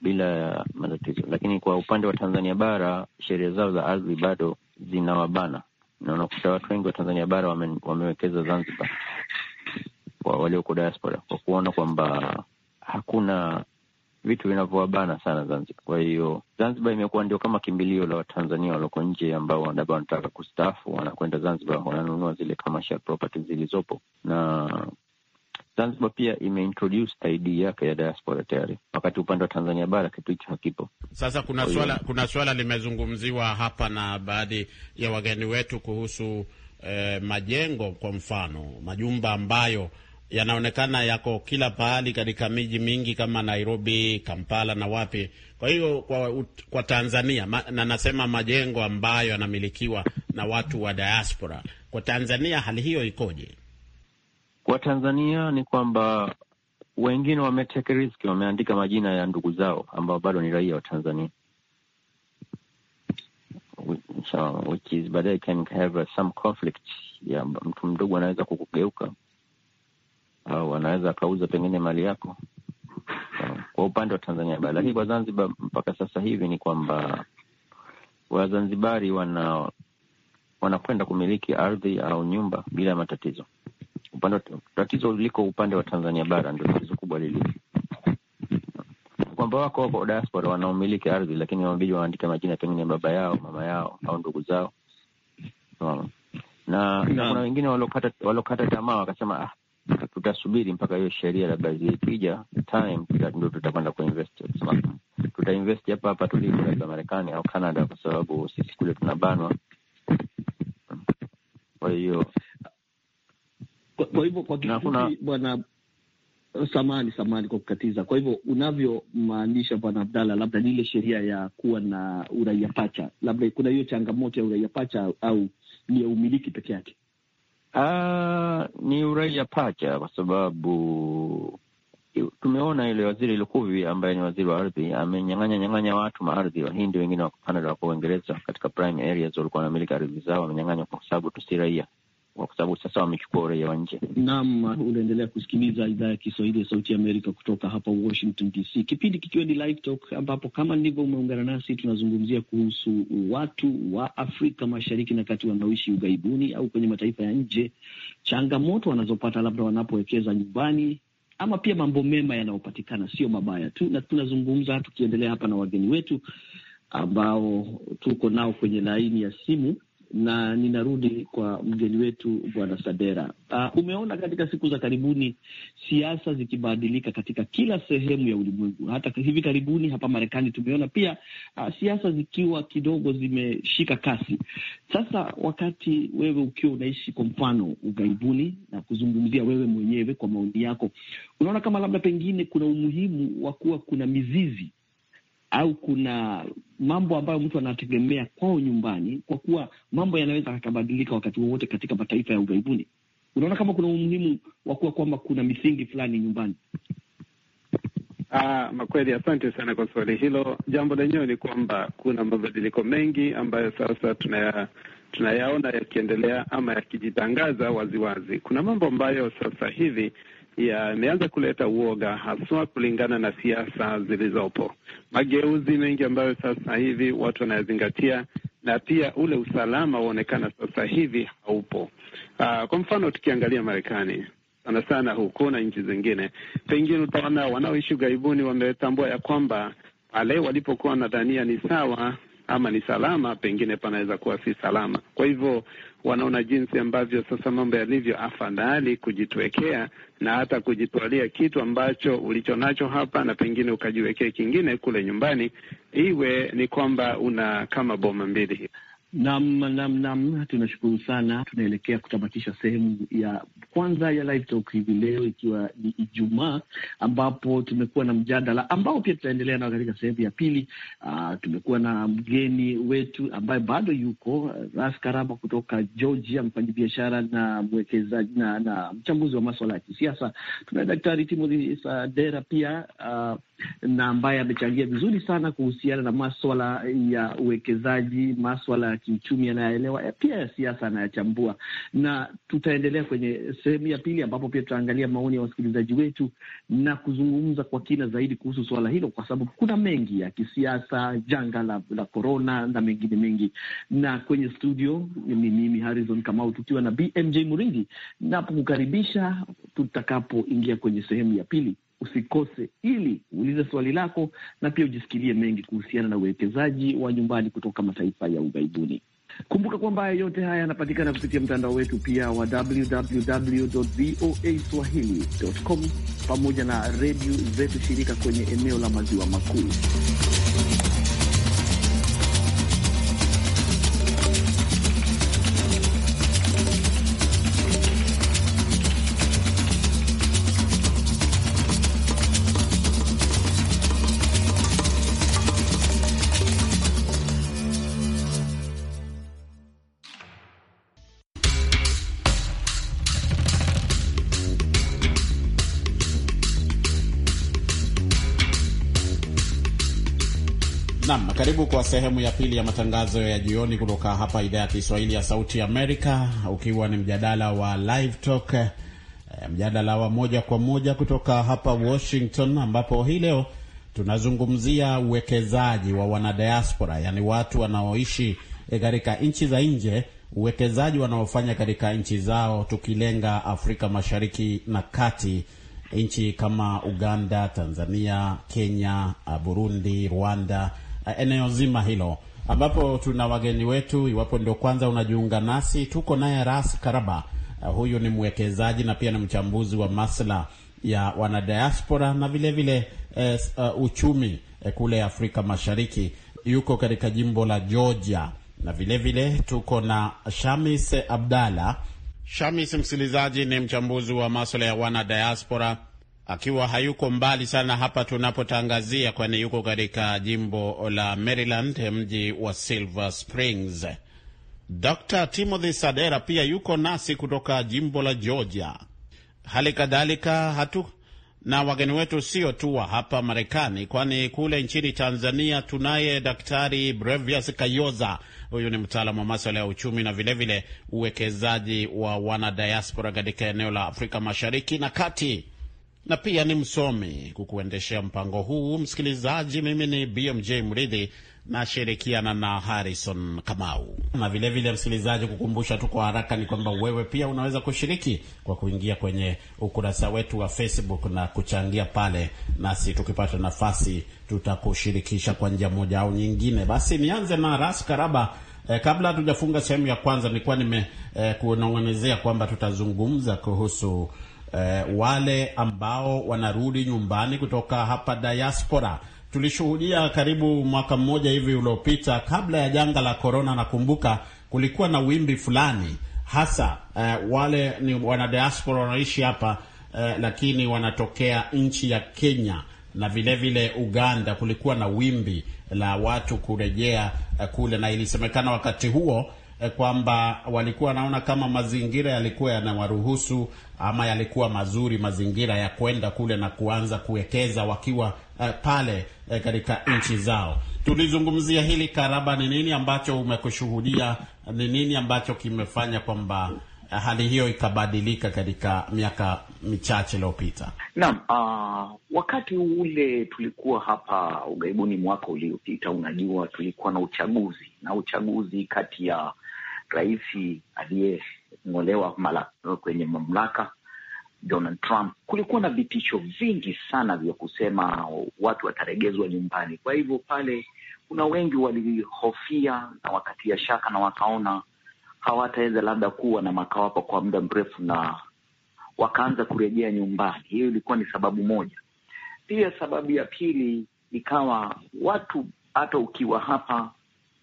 bila matatizo, lakini kwa upande wa Tanzania bara sheria zao za ardhi bado zinawabana, na unakuta watu wengi wa Tanzania bara wame, wamewekeza Zanzibar kwa walioko diaspora kwa kuona kwamba hakuna vitu vinavyowabana sana Zanzibar. Kwa hiyo Zanzibar imekuwa ndio kama kimbilio la Watanzania walioko nje ambao labda wanataka kustaafu, wanakwenda Zanzibar, wananunua zile commercial properties zilizopo na Zanzibar pia imeintroduce ID yake ya diaspora tayari, wakati upande wa Tanzania bara kitu hicho hakipo. Sasa kuna swala kuna swala limezungumziwa hapa na baadhi ya wageni wetu kuhusu eh, majengo kwa mfano majumba ambayo yanaonekana yako kila pahali katika miji mingi kama Nairobi, Kampala na wapi. Kwa hiyo kwa, kwa Tanzania ma, na nasema majengo ambayo yanamilikiwa na watu wa diaspora kwa Tanzania, hali hiyo ikoje? Kwa Tanzania ni kwamba wengine wameteke riski, wameandika majina ya ndugu zao ambao bado ni raia wa Tanzania. So, which is they can have some conflict Yeah, mtu mdogo anaweza kukugeuka au anaweza akauza pengine mali yako kwa upande wa Tanzania bara. Lakini kwa Zanzibar mpaka sasa hivi ni kwamba Wazanzibari wana wanakwenda kumiliki ardhi au nyumba bila matatizo. Upande tatizo liko upande wa Tanzania bara, ndio tatizo kubwa lililo kwamba wako wako diaspora wanaomiliki ardhi, lakini wamebidi waandike majina pengine baba yao, mama yao au ndugu zao, na kuna wengine waliokata tamaa wakasema, ah, tutasubiri mpaka hiyo sheria labda zikija time, ndio tutakwenda kuinvest, tutainvest hapa hapa tulipo, labda Marekani au Canada, kwa sababu sisi kule tunabanwa. Kwa hiyo kwa hivyo kwa kifupi, bwana samani samani kwa kukatiza. Kwa hivyo unavyomaanisha bwana Abdalla, labda ni ile sheria ya kuwa na uraia pacha, labda kuna hiyo changamoto ya uraia pacha au ni ya umiliki peke yake? Aa, ah, ni uraia pacha kwa sababu tumeona ile waziri Lukuvi ambaye ni waziri wa ardhi amenyang'anya nyang'anya watu maardhi, Wahindi wengine wa Canada, wako Uingereza, katika prime areas walikuwa wanamiliki ardhi zao wamenyang'anywa kwa sababu tu si raia kwa sababu sasa wamechukua uraia wa nje. Naam, unaendelea kusikiliza idhaa ya Kiswahili ya Sauti ya Amerika kutoka hapa Washington DC, kipindi kikiwa ni Live Talk, ambapo kama nilivyo umeungana nasi, tunazungumzia kuhusu watu wa Afrika Mashariki na Kati wanaoishi ughaibuni au kwenye mataifa ya nje, changamoto wanazopata labda wanapowekeza nyumbani ama pia mambo mema yanayopatikana, sio mabaya tu, na tunazungumza tukiendelea hapa na wageni wetu ambao tuko nao kwenye laini ya simu na ninarudi kwa mgeni wetu bwana Sadera. Uh, umeona katika siku za karibuni siasa zikibadilika katika kila sehemu ya ulimwengu. Hata hivi karibuni hapa Marekani tumeona pia uh, siasa zikiwa kidogo zimeshika kasi. Sasa wakati wewe ukiwa unaishi kwa mfano ughaibuni na kuzungumzia wewe mwenyewe kwa maoni yako, unaona kama labda pengine kuna umuhimu wa kuwa kuna mizizi au kuna mambo ambayo mtu anategemea kwao nyumbani, kwa kuwa mambo yanaweza yakabadilika wakati wowote katika mataifa ya ughaibuni. Unaona kama kuna umuhimu wa kuwa kwamba kuna misingi fulani nyumbani. Ah, makweli, asante sana kwa swali hilo. Jambo lenyewe ni kwamba kuna mabadiliko mengi ambayo sasa tunaya tunayaona yakiendelea ama yakijitangaza waziwazi. Kuna mambo ambayo sasa hivi yameanza kuleta uoga, haswa kulingana na siasa zilizopo, mageuzi mengi ambayo sasa hivi watu wanayazingatia, na pia ule usalama waonekana sasa hivi haupo. Aa, ah, kwa mfano tukiangalia Marekani sana sana huko na nchi zingine, pengine utaona wanaoishi ughaibuni wametambua ya kwamba pale walipokuwa nadhania ni sawa ama ni salama, pengine panaweza kuwa si salama. Kwa hivyo wanaona jinsi ambavyo sasa mambo yalivyo, afadhali kujitwekea na hata kujitwalia kitu ambacho ulichonacho hapa na pengine ukajiwekea kingine kule nyumbani, iwe ni kwamba una kama boma mbili hivi. Nam, nam, nam, tunashukuru sana. Tunaelekea kutamatisha sehemu ya kwanza ya Live Talk hivi leo, ikiwa ni Ijumaa, ambapo tumekuwa na mjadala ambao pia tutaendelea nao katika sehemu ya pili. Uh, tumekuwa na mgeni wetu ambaye bado yuko Ras Karaba kutoka Georgia, mfanyabiashara na mwekezaji na, na mchambuzi wa maswala ya kisiasa. Tuna Daktari Timothy Sadera pia uh, na ambaye amechangia vizuri sana kuhusiana na maswala ya uwekezaji, maswala ya kiuchumi anayaelewa, eh, pia ya siasa anayachambua, na tutaendelea kwenye sehemu ya pili ambapo pia tutaangalia maoni ya wasikilizaji wetu na kuzungumza kwa kina zaidi kuhusu swala hilo, kwa sababu kuna mengi ya kisiasa, janga la, la korona na mengine mengi. Na kwenye studio ni mimi Harrison Kamau tukiwa na BMJ Muridi, napokukaribisha tutakapoingia kwenye sehemu ya pili usikose ili uulize swali lako na pia ujisikilie mengi kuhusiana na uwekezaji wa nyumbani kutoka mataifa ya ughaibuni. Kumbuka kwamba yote haya yanapatikana kupitia mtandao wetu pia wa www.voaswahili.com pamoja na redio zetu shirika kwenye eneo la maziwa makuu. Karibu kwa sehemu ya pili ya matangazo ya jioni kutoka hapa idhaa ya Kiswahili ya Sauti Amerika, ukiwa ni mjadala wa Live Talk, eh, mjadala wa moja kwa moja kutoka hapa Washington, ambapo hii leo tunazungumzia uwekezaji wa wanadiaspora, yaani watu wanaoishi eh, katika nchi za nje, uwekezaji wanaofanya katika nchi zao, tukilenga Afrika Mashariki na Kati, nchi kama Uganda, Tanzania, Kenya, Burundi, Rwanda Eh, eneo zima hilo, ambapo tuna wageni wetu. Iwapo ndio kwanza unajiunga nasi, tuko naye Ras Karaba. Uh, huyu ni mwekezaji na pia ni mchambuzi wa masuala ya wanadiaspora na vilevile vile, eh, uh, uchumi eh, kule Afrika Mashariki. Yuko katika jimbo la Georgia na vilevile vile, tuko na Shamis Abdalla. Shamis, msikilizaji, ni mchambuzi wa masuala ya wanadiaspora akiwa hayuko mbali sana hapa tunapotangazia, kwani yuko katika jimbo la Maryland, mji wa Silver Springs. Dr. Timothy Sadera pia yuko nasi kutoka jimbo la Georgia. Hali kadhalika hatu na wageni wetu sio tu wa hapa Marekani, kwani kule nchini Tanzania tunaye Daktari Brevius Kayoza. Huyu ni mtaalamu wa maswala ya uchumi na vilevile uwekezaji wa wanadiaspora katika eneo la Afrika Mashariki na Kati na pia ni msomi. Kukuendeshea mpango huu, msikilizaji, mimi ni BMJ Mridhi nashirikiana na Harrison Kamau. Na vilevile vile, msikilizaji, kukumbusha tu kwa haraka ni kwamba wewe pia unaweza kushiriki kwa kuingia kwenye ukurasa wetu wa Facebook na kuchangia pale, nasi tukipata nafasi tutakushirikisha kwa njia moja au nyingine. Basi nianze na Ras Karaba. E, kabla hatujafunga sehemu ya kwanza, nilikuwa nimekunong'onezea eh, kwamba tutazungumza kuhusu eh, wale ambao wanarudi nyumbani kutoka hapa diaspora. Tulishuhudia karibu mwaka mmoja hivi uliopita, kabla ya janga la korona, nakumbuka kulikuwa na wimbi fulani hasa eh, wale ni wanadiaspora wanaishi hapa eh, lakini wanatokea nchi ya Kenya na vilevile vile Uganda. Kulikuwa na wimbi la watu kurejea eh, kule, na ilisemekana wakati huo Eh, kwamba walikuwa wanaona kama mazingira yalikuwa yanawaruhusu ama yalikuwa mazuri mazingira ya kwenda kule na kuanza kuwekeza wakiwa eh, pale eh, katika nchi zao. Tulizungumzia hili Karaba, ni nini ambacho umekushuhudia? Ni nini ambacho kimefanya kwamba eh, hali hiyo ikabadilika katika miaka michache iliyopita? Naam, uh, wakati ule tulikuwa hapa ugaibuni mwaka uliopita, unajua tulikuwa na uchaguzi na uchaguzi kati ya rais aliyeng'olewa kwenye mamlaka Donald Trump, kulikuwa na vitisho vingi sana vya kusema watu wataregezwa nyumbani. Kwa hivyo pale, kuna wengi walihofia na wakatia shaka na wakaona hawataweza labda kuwa na makao hapo kwa muda mrefu, na wakaanza kurejea nyumbani. Hiyo ilikuwa ni sababu moja. Pia sababu ya pili ikawa watu hata ukiwa hapa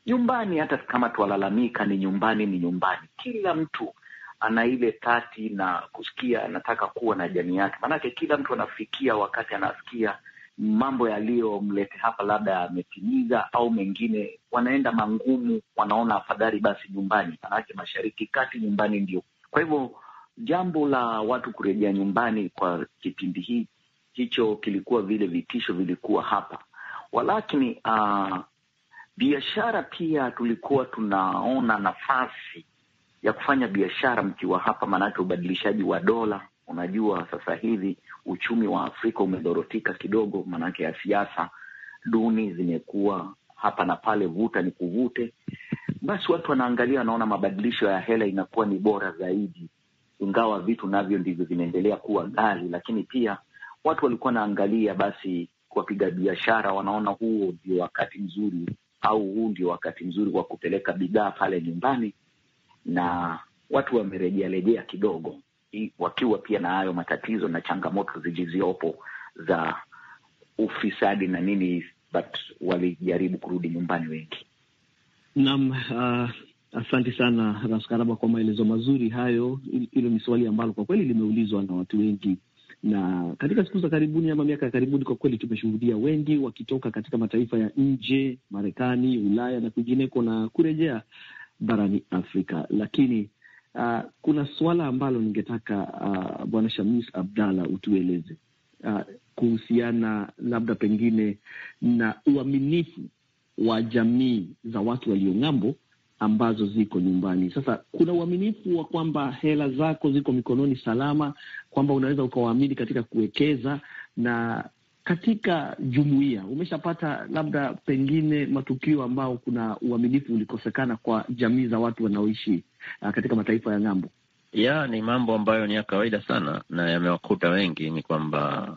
nyumbani. Hata kama twalalamika, ni nyumbani, ni nyumbani. Kila mtu ana ile tati na kusikia anataka kuwa na jamii yake, maanake kila mtu anafikia wakati anasikia mambo yaliyomlete hapa labda yametimiza au mengine wanaenda mangumu, wanaona afadhali basi nyumbani, manake mashariki kati nyumbani ndio. Kwa hivyo jambo la watu kurejea nyumbani kwa kipindi hii hicho kilikuwa vile vitisho vilikuwa hapa, walakini uh, Biashara pia tulikuwa tunaona nafasi ya kufanya biashara mkiwa hapa, maanake ubadilishaji wa dola. Unajua sasa hivi uchumi wa Afrika umedhorotika kidogo, maanake ya siasa duni zimekuwa hapa na pale, vuta ni kuvute. Basi watu wanaangalia, wanaona mabadilisho ya hela inakuwa ni bora zaidi, ingawa vitu navyo ndivyo vinaendelea kuwa ghali, lakini pia watu walikuwa wanaangalia, basi wapiga biashara wanaona huo ndio wakati mzuri au huu ndio wakati mzuri wa kupeleka bidhaa pale nyumbani, na watu wamerejearejea kidogo, wakiwa pia na hayo matatizo na changamoto zilizopo za ufisadi na nini, but walijaribu kurudi nyumbani wengi. Naam, uh, asante sana raskaraba kwa maelezo mazuri hayo. Hilo ni swali ambalo kwa kweli limeulizwa na watu wengi na katika siku za karibuni ama miaka ya karibuni, kwa kweli tumeshuhudia wengi wakitoka katika mataifa ya nje, Marekani, Ulaya na kwingineko, na kurejea barani Afrika. Lakini uh, kuna suala ambalo ningetaka uh, Bwana Shamis Abdalla utueleze uh, kuhusiana labda pengine na uaminifu wa jamii za watu waliong'ambo ambazo ziko nyumbani. Sasa kuna uaminifu wa kwamba hela zako ziko mikononi salama, kwamba unaweza ukawaamini katika kuwekeza na katika jumuiya umeshapata labda pengine matukio ambao kuna uaminifu ulikosekana kwa jamii za watu wanaoishi uh, katika mataifa ya ng'ambo. Ya ni mambo ambayo ni ya kawaida sana na yamewakuta wengi. Ni kwamba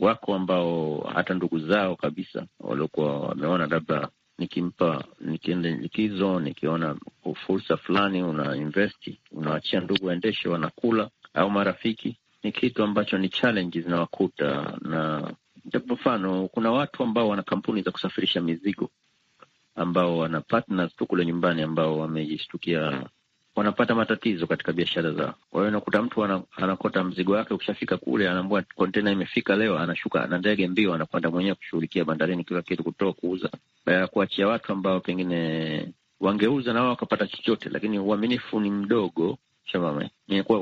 wako ambao hata ndugu zao kabisa waliokuwa wameona labda nikimpa nikienda likizo, nikiona fursa fulani, una investi, unawachia ndugu waendeshe, wanakula au marafiki. Ni kitu ambacho ni challenge zinawakuta na japo, mfano kuna watu ambao wana kampuni za kusafirisha mizigo ambao wana partners tu kule nyumbani ambao wamejishtukia wanapata matatizo katika biashara zao. Kwa hiyo unakuta mtu anakota mzigo wake, ukishafika kule anaambua kontena imefika leo, anashuka na ndege mbio, anakwenda mwenyewe kushughulikia bandarini kila kitu, kutoa kuuza, baada ya kuachia watu ambao pengine wangeuza na wao wakapata chochote, lakini uaminifu ni mdogo. Shabama,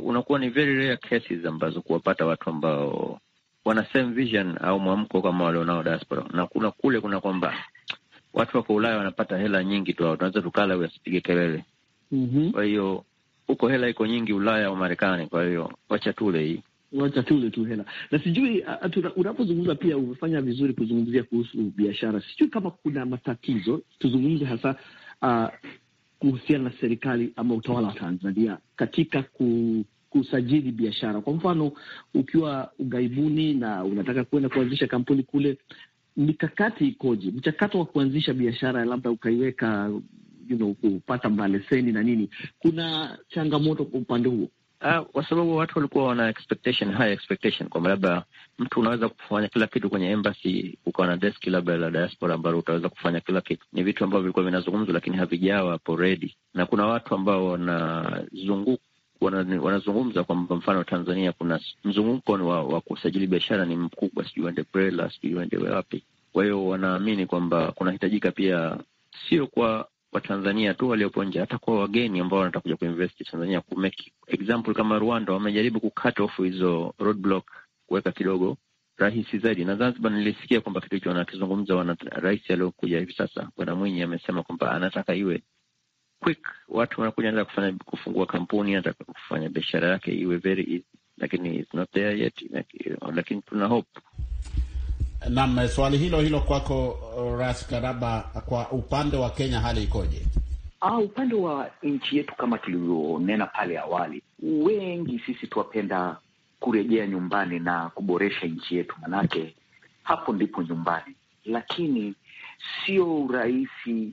unakuwa ni very rare cases ambazo kuwapata watu ambao wana same vision au mwamko kama walionao diaspora, na kuna kule kuna kwamba watu wako Ulaya wanapata hela nyingi tu, tunaweza tukala asipige kelele -hmm. Kwa hiyo huko hela iko nyingi Ulaya au Marekani, kwa hiyo wacha tule hii wacha tule tu hela na sijui. Unapozungumza pia umefanya vizuri kuzungumzia kuhusu biashara. Sijui kama kuna matatizo, tuzungumze hasa uh, kuhusiana na serikali ama utawala wa Tanzania katika ku, kusajili biashara. Kwa mfano, ukiwa ughaibuni na unataka kuenda kuanzisha kampuni kule, mikakati ikoje? Mchakato wa kuanzisha biashara, labda ukaiweka you know, kupata maleseni na nini, kuna changamoto kwa upande huo uh, kwa sababu watu walikuwa wana expectation, high expectation kwamba labda mtu unaweza kufanya kila kitu kwenye embassy, ukawa na deski labda la diaspora ambalo utaweza kufanya kila kitu. Ni vitu ambavyo vilikuwa vinazungumzwa, lakini havijawa hapo ready, na kuna watu ambao wanazunguka wanazungumza kwamba mfano Tanzania kuna mzunguko wa, wa kusajili biashara ni mkubwa, sijui uende BRELA, sijui uende wapi. Kwa hiyo wanaamini kwamba kunahitajika pia, sio kwa Watanzania tu waliopo nje, hata kwa wageni ambao wanatakuja kuinvest Tanzania, ku make example kama Rwanda wamejaribu kucut off hizo roadblock, kuweka kidogo rahisi zaidi. Na Zanzibar nilisikia kwamba kitu hicho wanakizungumza, wana rais aliyokuja hivi sasa Bwana Mwinyi amesema kwamba anataka iwe quick, watu wanakuja, anataka kufanya kufungua kampuni, anataka kufanya biashara yake iwe very easy, lakini it's not there yet, lakini tuna hope. Naam, eh, swali hilo hilo kwako eh, Ras Karaba, kwa upande wa Kenya hali ikoje? Ah, upande wa nchi yetu kama tulivyonena pale awali, wengi sisi tuwapenda kurejea nyumbani na kuboresha nchi yetu, manake hapo ndipo nyumbani, lakini sio urahisi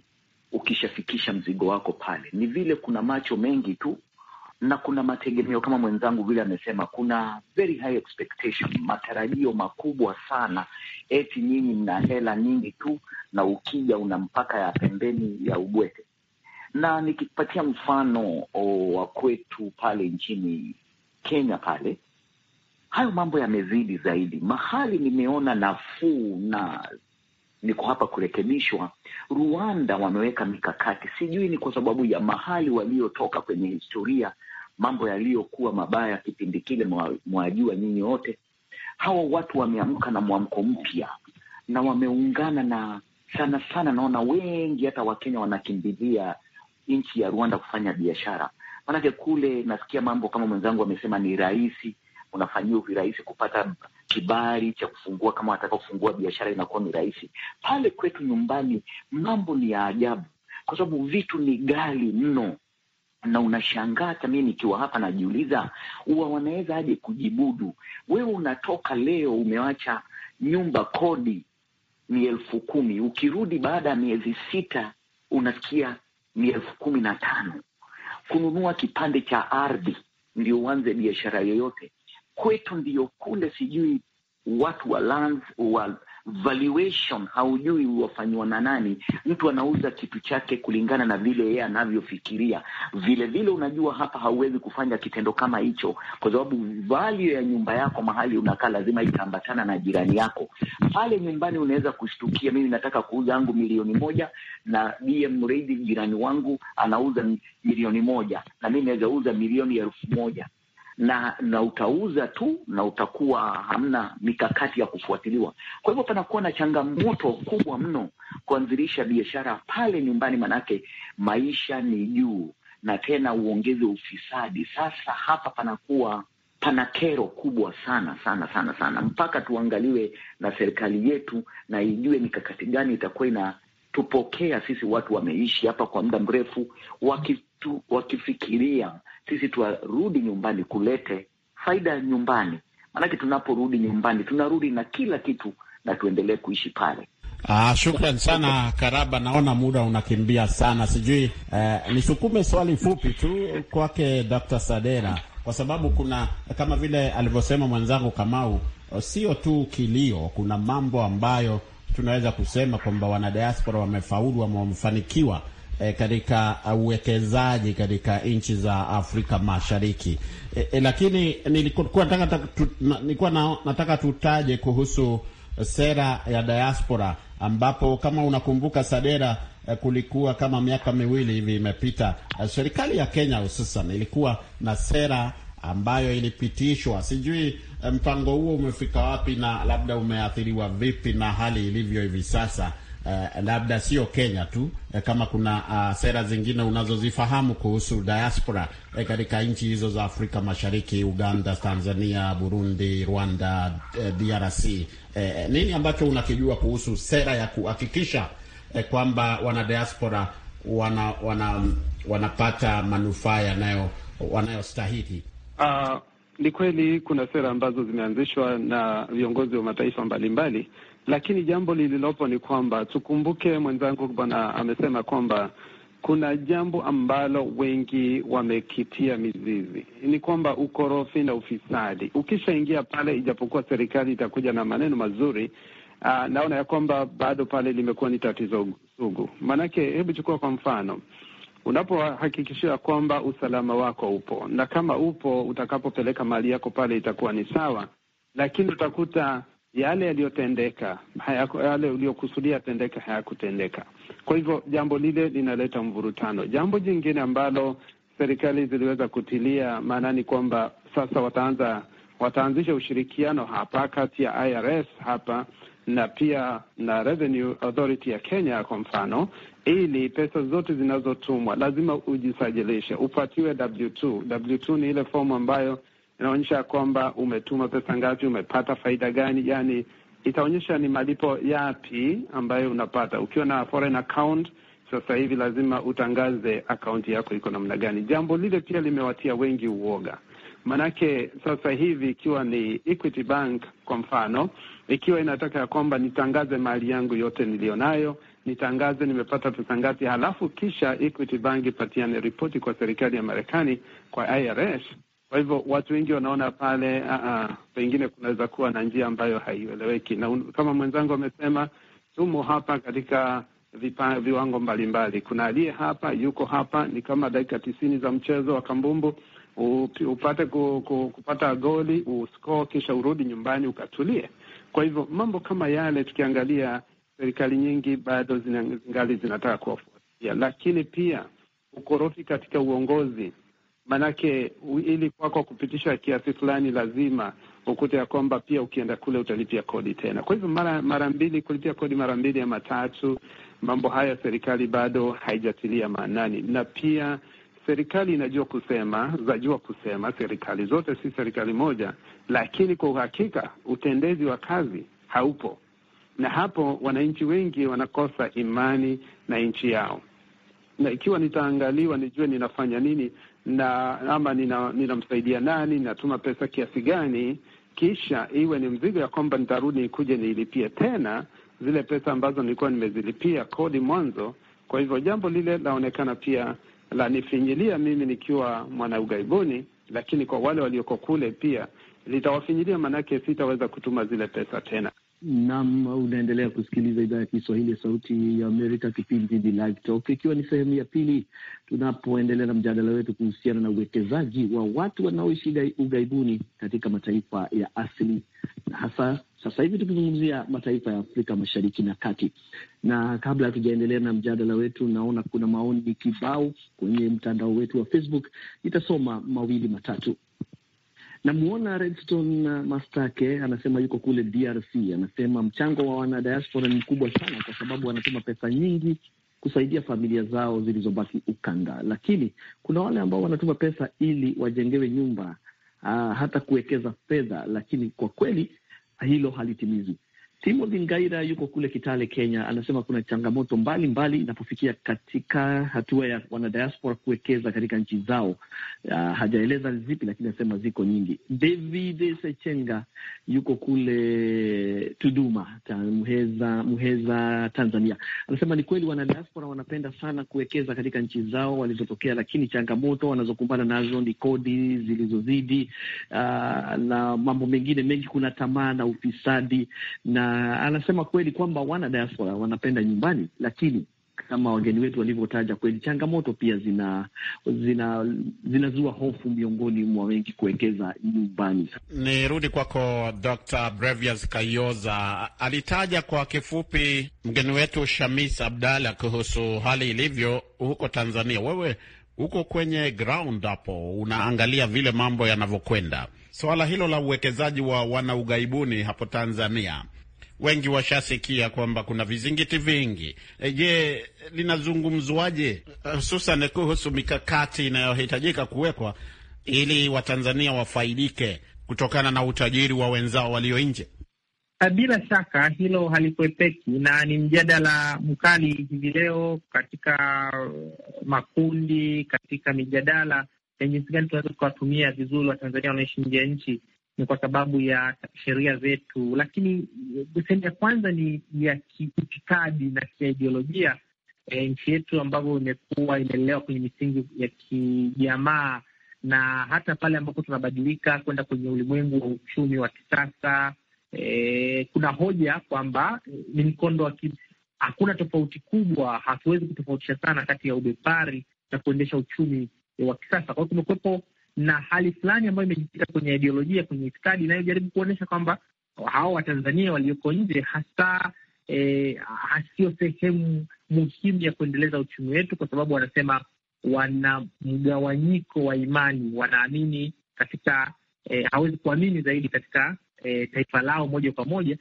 ukishafikisha mzigo wako pale. Ni vile kuna macho mengi tu na kuna mategemeo kama mwenzangu vile amesema, kuna very high expectation, matarajio makubwa sana, eti nyinyi mna hela nyingi tu, na ukija una mpaka ya pembeni ya ubwete. Na nikipatia mfano wa kwetu pale nchini Kenya pale hayo mambo yamezidi zaidi. Mahali nimeona nafuu na niko hapa kurekebishwa. Rwanda wameweka mikakati, sijui ni kwa sababu ya mahali waliotoka kwenye historia, mambo yaliyokuwa mabaya kipindi kile, mwajua nyinyi wote. Hawa watu wameamka na mwamko mpya na wameungana, na sana sana naona wengi hata Wakenya wanakimbilia nchi ya Rwanda kufanya biashara, maanake kule nasikia mambo kama mwenzangu amesema ni rahisi unafanyiwa virahisi kupata kibali cha kufungua, kama wanataka kufungua biashara inakuwa ni rahisi. Pale kwetu nyumbani mambo ni ya ajabu, kwa sababu vitu ni ghali mno na unashangaa hata mimi nikiwa hapa najiuliza, huwa wanaweza aje kujibudu? Wewe unatoka leo umewacha nyumba kodi ni elfu kumi, ukirudi baada ya miezi sita unasikia ni elfu kumi na tano. Kununua kipande cha ardhi ndio uanze biashara yoyote kwetu ndiyo kule, sijui watu wa lands, wa valuation haujui wafanywa na nani. Mtu anauza kitu chake kulingana na vile yeye anavyofikiria. Vile vile, unajua hapa hauwezi kufanya kitendo kama hicho, kwa sababu value ya nyumba yako mahali unakaa lazima itaambatana na jirani yako. Pale nyumbani unaweza kushtukia, mimi nataka kuuza yangu milioni moja na BM Reid jirani wangu anauza milioni moja na mimi naweza uza milioni elfu moja na na utauza tu na utakuwa hamna mikakati ya kufuatiliwa. Kwa hivyo panakuwa na changamoto kubwa mno kuanzilisha biashara pale nyumbani, manake maisha ni juu, na tena uongeze ufisadi. Sasa hapa panakuwa pana kero kubwa sana sana sana sana, mpaka tuangaliwe na serikali yetu na ijue mikakati gani itakuwa ina tupokea sisi watu wameishi hapa kwa muda mrefu waki tu wakifikiria sisi tuwarudi nyumbani kulete faida ya nyumbani, maanake tunaporudi nyumbani tunarudi na kila kitu na tuendelee kuishi pale. Ah, shukran sana Karaba, naona muda unakimbia sana, sijui eh, nisukume swali fupi tu kwake Dr. Sadera kwa sababu kuna kama vile alivyosema mwenzangu Kamau, eh, sio tu kilio, kuna mambo ambayo tunaweza kusema kwamba wanadiaspora wamefaulu ama wamefanikiwa e, katika uwekezaji katika nchi za Afrika Mashariki e, e, lakini nilikuwa nataka, tu, nilikuwa na, nataka tutaje kuhusu sera ya diaspora ambapo kama unakumbuka Sadera, kulikuwa kama miaka miwili hivi imepita, serikali ya Kenya hususan ilikuwa na sera ambayo ilipitishwa. Sijui mpango huo umefika wapi na labda umeathiriwa vipi na hali ilivyo hivi sasa. Eh, labda sio Kenya tu eh, kama kuna uh, sera zingine unazozifahamu kuhusu diaspora eh, katika nchi hizo za Afrika Mashariki, Uganda, Tanzania, Burundi, Rwanda, eh, DRC eh, eh nini ambacho unakijua kuhusu sera ya kuhakikisha eh, kwamba diaspora wana, wana wanapata manufaa yanayo wanayostahili? Uh, ni kweli kuna sera ambazo zimeanzishwa na viongozi wa mataifa mbalimbali mbali lakini jambo lililopo ni kwamba tukumbuke, mwenzangu bwana amesema kwamba kuna jambo ambalo wengi wamekitia mizizi, ni kwamba ukorofi na ufisadi. Ukishaingia pale, ijapokuwa serikali itakuja na maneno mazuri, aa, ah, naona ya kwamba bado pale limekuwa ni tatizo sugu. Maanake hebu chukua kwa mfano, unapohakikishiwa kwamba usalama wako upo na kama upo, utakapopeleka mali yako pale itakuwa ni sawa, lakini utakuta yale yaliyotendeka hayako, yale uliyokusudia yatendeka hayakutendeka. Kwa hivyo jambo lile linaleta mvurutano. Jambo jingine ambalo serikali ziliweza kutilia maanani kwamba sasa wataanza wataanzisha ushirikiano hapa kati ya IRS hapa na pia na Revenue Authority ya Kenya kwa mfano, ili pesa zote zinazotumwa lazima ujisajilishe, upatiwe W2. W2 ni ile fomu ambayo inaonyesha kwamba umetuma pesa ngapi, umepata faida gani, yani itaonyesha ni malipo yapi ambayo unapata. Ukiwa na foreign account sasa hivi lazima utangaze akaunti yako iko namna gani. Jambo lile pia limewatia wengi uoga, manake sasa hivi ikiwa ni Equity Bank kwa mfano, ikiwa inataka ya kwamba nitangaze mali yangu yote niliyonayo, nitangaze nimepata pesa ngapi, halafu kisha Equity Bank ipatiane ripoti kwa serikali ya Marekani, kwa IRS kwa hivyo watu wengi wanaona pale, uh, pengine kunaweza kuwa na njia ambayo haieleweki, na un, kama mwenzangu amesema, tumo hapa katika vipa, viwango mbalimbali. Kuna aliye hapa, yuko hapa, ni kama dakika tisini za mchezo wa kambumbu upate ku, ku, kupata goli uscore, kisha urudi nyumbani ukatulie. Kwa hivyo mambo kama yale tukiangalia, serikali nyingi bado zingali zinataka kuwafuatilia, lakini pia ukorofi katika uongozi maanake ili kwako kupitishwa kiasi fulani, lazima ukute ya kwamba pia ukienda kule utalipia kodi tena. Kwa hivyo mara mara mbili kulipia kodi mara mbili ama tatu, mambo haya serikali bado haijatilia maanani, na pia serikali inajua kusema, zajua kusema, serikali zote si serikali moja, lakini kwa uhakika utendezi wa kazi haupo, na hapo wananchi wengi wanakosa imani na nchi yao. Na ikiwa nitaangaliwa nijue ninafanya nini, na ama ninamsaidia nina nani, natuma pesa kiasi gani, kisha iwe ni mzigo ya kwamba nitarudi nikuje nilipie tena zile pesa ambazo nilikuwa nimezilipia kodi mwanzo. Kwa hivyo jambo lile laonekana pia lanifinyilia mimi nikiwa mwana ugaibuni, lakini kwa wale walioko kule pia litawafinyilia, maanake sitaweza kutuma zile pesa tena. Nam, unaendelea kusikiliza idhaa ya Kiswahili ya Sauti ya Amerika, kipindi ni Live Talk, ikiwa ni sehemu ya pili, tunapoendelea na mjadala wetu kuhusiana na uwekezaji wa watu wanaoishi ughaibuni katika mataifa ya asili, na hasa sasa hivi tukizungumzia mataifa ya Afrika Mashariki na Kati. Na kabla hatujaendelea na mjadala wetu, naona kuna maoni kibao kwenye mtandao wetu wa Facebook, nitasoma mawili matatu. Namwona Redstone uh, Mastake anasema yuko kule DRC, anasema mchango wa wanadiaspora ni mkubwa sana, kwa sababu wanatuma pesa nyingi kusaidia familia zao zilizobaki ukanda, lakini kuna wale ambao wanatuma pesa ili wajengewe nyumba, aa, uh, hata kuwekeza fedha, lakini kwa kweli hilo halitimizi. Timothy Ngaira yuko kule Kitale, Kenya, anasema kuna changamoto mbalimbali inapofikia katika hatua ya wanadiaspora kuwekeza katika nchi zao. Uh, hajaeleza zipi, lakini anasema ziko nyingi. David Sechenga yuko kule Tuduma ta, Muheza, Muheza, Tanzania, anasema ni kweli wanadiaspora wanapenda sana kuwekeza katika nchi zao walizotokea, lakini changamoto wanazokumbana nazo ni kodi zilizozidi, uh, na mambo mengine mengi. Kuna tamaa na ufisadi na Eh, anasema kweli kwamba wana diaspora wanapenda nyumbani, lakini kama wageni wetu walivyotaja, kweli changamoto pia zina zina zinazua hofu miongoni mwa wengi kuwekeza nyumbani. Nirudi kwako Dr. Brevias Kayoza, alitaja kwa kifupi mgeni wetu Shamis Abdalla kuhusu hali ilivyo huko Tanzania. Wewe uko kwenye ground hapo, unaangalia vile mambo yanavyokwenda, swala hilo la uwekezaji wa wanaughaibuni hapo Tanzania wengi washasikia kwamba kuna vizingiti vingi. E, je, linazungumzwaje hususan eh, kuhusu mikakati inayohitajika kuwekwa ili Watanzania wafaidike kutokana na utajiri wa wenzao walio nje? Eh, bila shaka hilo halikuepeki na ni mjadala mkali hivi leo katika eh, makundi, katika mijadala ya jinsi gani tunaweza tukawatumia vizuri Watanzania wanaishi nje ya nchi ni kwa sababu ya sheria zetu, lakini sehemu ya kwanza ni ya kiitikadi na kiidiolojia. E, eh, nchi yetu ambavyo imekuwa imelelewa kwenye misingi ya kijamaa na hata pale ambapo tunabadilika kwenda kwenye ulimwengu wa uchumi wa kisasa e, kuna hoja kwamba eh, ni mkondo wa hakuna tofauti kubwa, hatuwezi kutofautisha sana kati ya ubepari na kuendesha uchumi wa kisasa. Kwa hiyo kumekuwepo na hali fulani ambayo imejikita kwenye ideolojia, kwenye itikadi inayojaribu kuonyesha kwamba hao Watanzania walioko nje hasa eh, hasio sehemu muhimu ya kuendeleza uchumi wetu, kwa sababu wanasema wana mgawanyiko wa imani, wanaamini katika eh, hawezi kuamini zaidi katika eh, taifa lao moja kwa moja,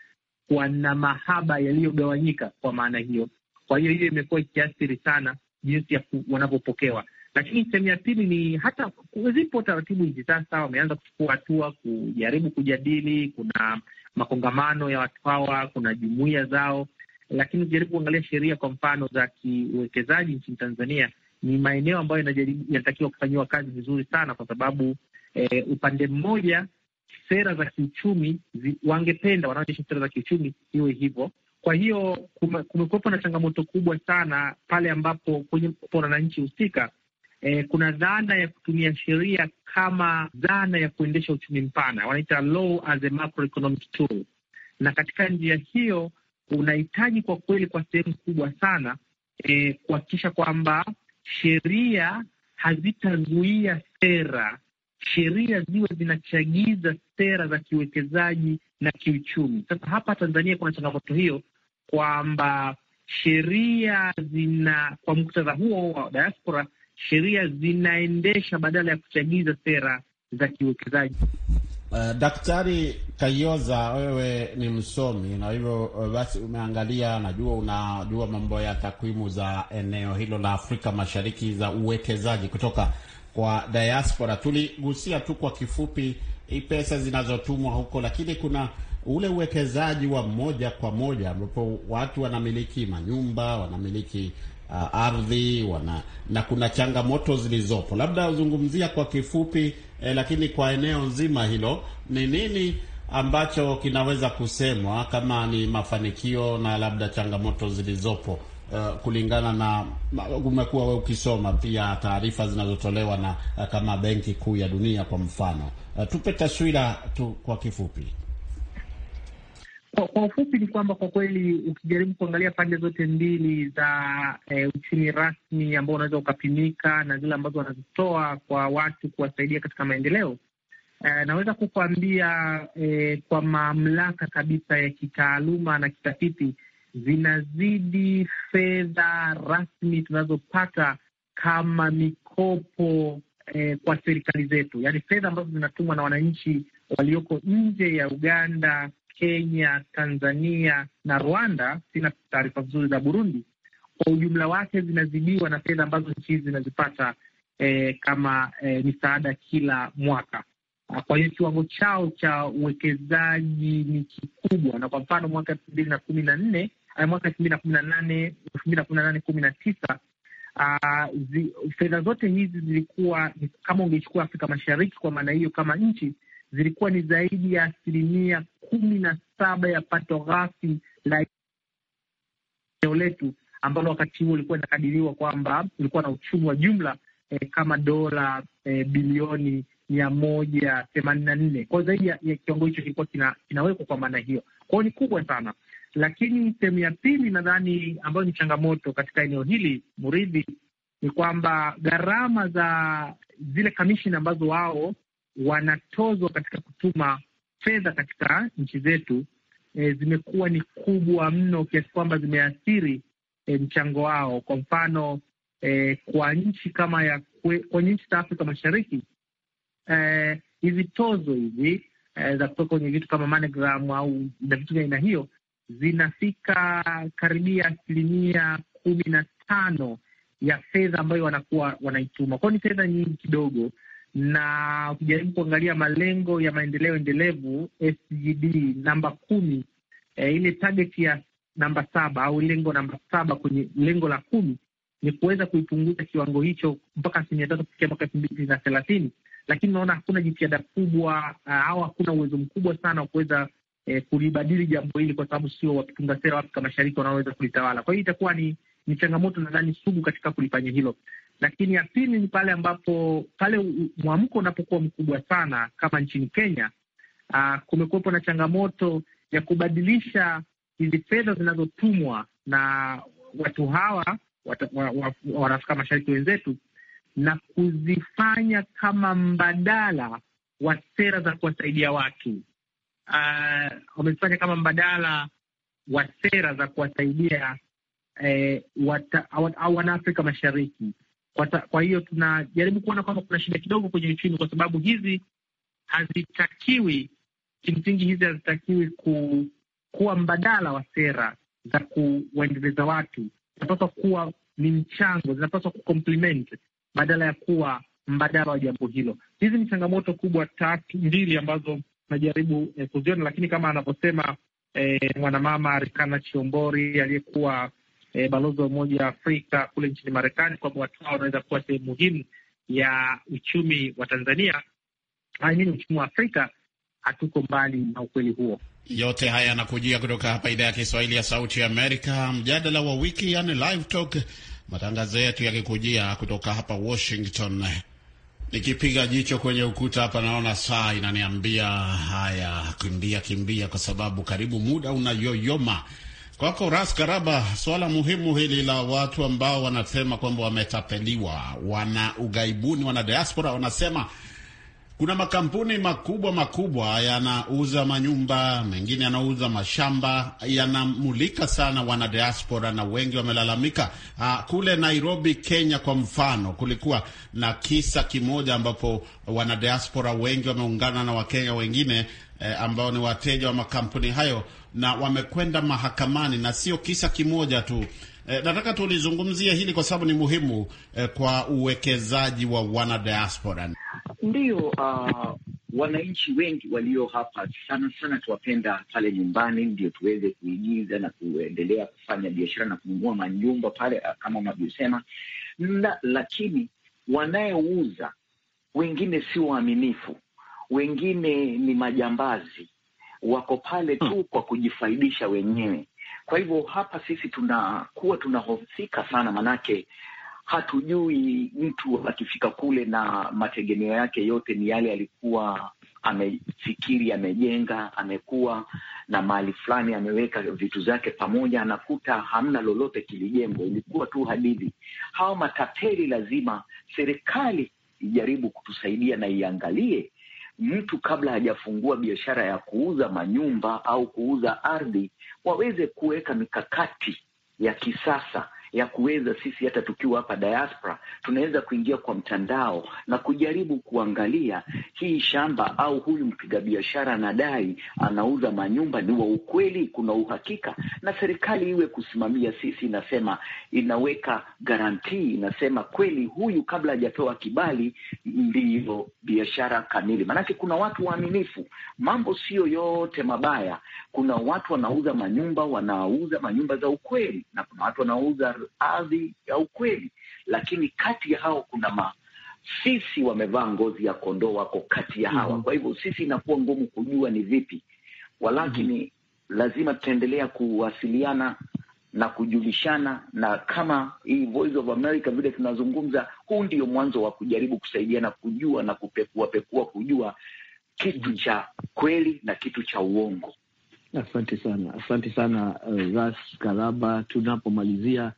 wana mahaba yaliyogawanyika kwa maana hiyo. Kwa hiyo hiyo imekuwa ikiathiri sana jinsi ya wanavyopokewa lakini sehemu ya pili ni hata zipo taratibu hizi sasa, wameanza kuchukua hatua kujaribu kujadili. Kuna makongamano ya watu hawa, kuna jumuia zao, lakini ukijaribu kuangalia sheria kwa mfano za kiuwekezaji nchini Tanzania ni maeneo ambayo yanatakiwa kufanyiwa kazi vizuri sana, kwa sababu eh, upande mmoja sera za kiuchumi wangependa wanaonyesha sera za kiuchumi iwe hivyo. Kwa hiyo kumekuwepo na changamoto kubwa sana pale ambapo kwenye wananchi husika e, kuna dhana ya kutumia sheria kama dhana ya kuendesha uchumi mpana, wanaita law as a macroeconomic tool. Na katika njia hiyo unahitaji kwa kweli, kwa sehemu kubwa sana e, kuhakikisha kwamba sheria hazitazuia sera, sheria ziwe zinachagiza sera za kiwekezaji na kiuchumi. Sasa hapa Tanzania kuna changamoto hiyo kwamba sheria zina, kwa muktadha huo wa diaspora sheria zinaendesha badala ya kuchagiza sera za kiwekezaji. Uh, Daktari Kayoza, wewe ni msomi na hivyo eh, basi umeangalia, najua unajua mambo ya takwimu za eneo hilo la Afrika Mashariki za uwekezaji kutoka kwa diaspora. Tuligusia tu kwa kifupi pesa zinazotumwa huko, lakini kuna ule uwekezaji wa moja kwa moja ambapo watu wanamiliki manyumba, wanamiliki uh, ardhi wana, na kuna changamoto zilizopo, labda uzungumzia kwa kifupi eh, lakini kwa eneo nzima hilo ni nini ambacho kinaweza kusemwa kama ni mafanikio na labda changamoto zilizopo? Uh, kulingana na umekuwa wewe ukisoma pia taarifa zinazotolewa na uh, kama Benki Kuu ya Dunia kwa mfano uh, tupe taswira tu kwa kifupi. Kwa, kwa ufupi ni kwamba kwa kweli ukijaribu kuangalia pande zote mbili za e, uchumi rasmi ambao unaweza ukapimika na zile ambazo wanazitoa kwa watu kuwasaidia katika maendeleo e, naweza kukuambia e, kwa mamlaka kabisa ya kitaaluma na kitafiti zinazidi fedha rasmi tunazopata kama mikopo e, kwa serikali zetu, yaani fedha ambazo zinatumwa na wananchi walioko nje ya Uganda Kenya, Tanzania na Rwanda. Sina taarifa vizuri za Burundi. Kwa ujumla wake zinazidiwa na fedha ambazo nchi hizi zinazipata eh, kama eh, misaada kila mwaka. Kwa hiyo kiwango chao cha uwekezaji ni kikubwa, na kwa mfano mwaka elfu mbili na kumi na nne eh, mwaka elfu mbili na kumi na nane elfu mbili na kumi na nane kumi na tisa ah, fedha zote hizi zilikuwa kama ungeichukua Afrika Mashariki kwa maana hiyo, kama nchi zilikuwa ni zaidi ya asilimia kumi na saba ya pato ghafi la eneo letu ambalo wakati huo ulikuwa inakadiriwa kwamba ulikuwa na uchumi wa jumla eh, kama dola eh, bilioni mia moja themanini na nne kwao zaidi ya kiwango hicho kilikuwa kina, kinawekwa kwa maana hiyo kwao ni kubwa sana lakini sehemu ya pili nadhani ambayo ni changamoto katika eneo hili muridhi ni kwamba gharama za zile kamishini ambazo wao wanatozwa katika kutuma fedha katika nchi zetu e, zimekuwa ni kubwa mno kiasi kwamba zimeathiri e, mchango wao. Kwa mfano e, kwa nchi kama ya kwenye nchi za Afrika Mashariki e, hizi e, tozo hizi e, za kutoka kwenye vitu kama MoneyGram au na vitu vya aina hiyo zinafika karibia asilimia kumi na tano ya fedha ambayo wanakuwa wanaituma kwao. Ni fedha nyingi kidogo, na ukijaribu kuangalia malengo ya maendeleo endelevu SDG namba kumi, e, ile target ya namba saba au lengo namba saba kwenye lengo la kumi ni kuweza kuipunguza kiwango hicho mpaka asilimia tatu kufikia mwaka elfu mbili na thelathini, lakini naona hakuna jitihada kubwa eh, au hakuna uwezo mkubwa sana wa kuweza eh, kulibadili jambo hili, kwa sababu sio watunga sera wa Afrika Mashariki wanaoweza kulitawala. Kwa hiyo itakuwa ni ni changamoto nadhani sugu katika kulifanya hilo, lakini ya pili ni pale ambapo pale mwamko unapokuwa mkubwa sana kama nchini Kenya, uh, kumekuwepo na changamoto ya kubadilisha hizi fedha zinazotumwa na watu hawa wa wa Mashariki wenzetu na kuzifanya kama mbadala wa sera za kuwasaidia watu. Uh, wamezifanya kama mbadala wa sera za kuwasaidia eh, wana wanaafrika Mashariki kwa hiyo tunajaribu kuona kwamba kuna shida kidogo kwenye uchumi, kwa sababu hizi hazitakiwi kimsingi, hizi hazitakiwi ku, kuwa mbadala wa sera za kuwaendeleza watu, zinapaswa kuwa ni mchango, zinapaswa ku badala ya kuwa mbadala wa jambo hilo. Hizi ni changamoto kubwa tatu mbili ambazo najaribu eh, kuziona, lakini kama anavyosema eh, mwanamama Rikana Chiombori aliyekuwa e, balozi wa Umoja wa Afrika kule nchini Marekani kwamba watu hao wanaweza kuwa sehemu muhimu ya uchumi wa Tanzania, ni uchumi wa Afrika. Hatuko mbali na ukweli huo. Yote haya yanakujia kutoka hapa idhaa ya Kiswahili ya Sauti ya Amerika, mjadala wa wiki, yani live talk, matangazo yetu yakikujia kutoka hapa Washington. Nikipiga jicho kwenye ukuta hapa, naona saa inaniambia haya, kimbia kimbia, kwa sababu karibu muda unayoyoma. Kwako Ras Karaba, swala muhimu hili la watu ambao wanasema kwamba wametapeliwa, wana ugaibuni, wana diaspora, wanasema kuna makampuni makubwa makubwa yanauza manyumba, mengine yanauza mashamba, yanamulika sana wana diaspora, na wengi wamelalamika. Ah, kule Nairobi, Kenya, kwa mfano, kulikuwa na kisa kimoja ambapo wanadiaspora wengi wameungana na Wakenya wengine e, ambao ni wateja wa makampuni hayo na wamekwenda mahakamani na sio kisa kimoja tu. E, nataka tulizungumzie hili kwa sababu ni muhimu e, kwa uwekezaji wa wanadiaspora. Ndiyo, uh, wananchi wengi walio hapa sana sana tuwapenda pale nyumbani, ndio tuweze kuigiza na kuendelea kufanya biashara na kununua manyumba pale ah, kama unavyosema, lakini wanayouza wengine si waaminifu wengine ni majambazi, wako pale tu hmm. kwa kujifaidisha wenyewe. Kwa hivyo hapa sisi tunakuwa tunahofika sana, manake hatujui mtu akifika kule na mategemeo yake yote ni yale alikuwa amefikiri amejenga, amekuwa na mali fulani, ameweka vitu zake pamoja, anakuta hamna lolote kilijengwa, ilikuwa tu hadithi. Hawa matapeli lazima serikali ijaribu kutusaidia na iangalie mtu kabla hajafungua biashara ya kuuza manyumba au kuuza ardhi, waweze kuweka mikakati ya kisasa ya kuweza sisi hata tukiwa hapa diaspora tunaweza kuingia kwa mtandao na kujaribu kuangalia hii shamba au huyu mpiga biashara anadai anauza manyumba ni wa ukweli, kuna uhakika, na serikali iwe kusimamia. Sisi inasema inaweka garantii, inasema kweli huyu kabla hajapewa kibali ndiyo biashara kamili, maanake kuna watu waaminifu. Mambo sio yote mabaya, kuna watu wanauza manyumba, wanauza manyumba za ukweli, na kuna watu wanauza ardhi ya ukweli, lakini kati ya hao kuna ma sisi wamevaa ngozi ya kondoo wako kati ya hawa. mm -hmm. Kwa hivyo sisi inakuwa ngumu kujua ni vipi, walakini mm -hmm. lazima tutaendelea kuwasiliana na kujulishana, na kama hii Voice of America vile tunazungumza, huu ndio mwanzo wa kujaribu kusaidiana kujua na kupekuapekua kujua kitu cha kweli na kitu cha uongo. Asante sana, asante sana uh, Ras Karaba. Tunapomalizia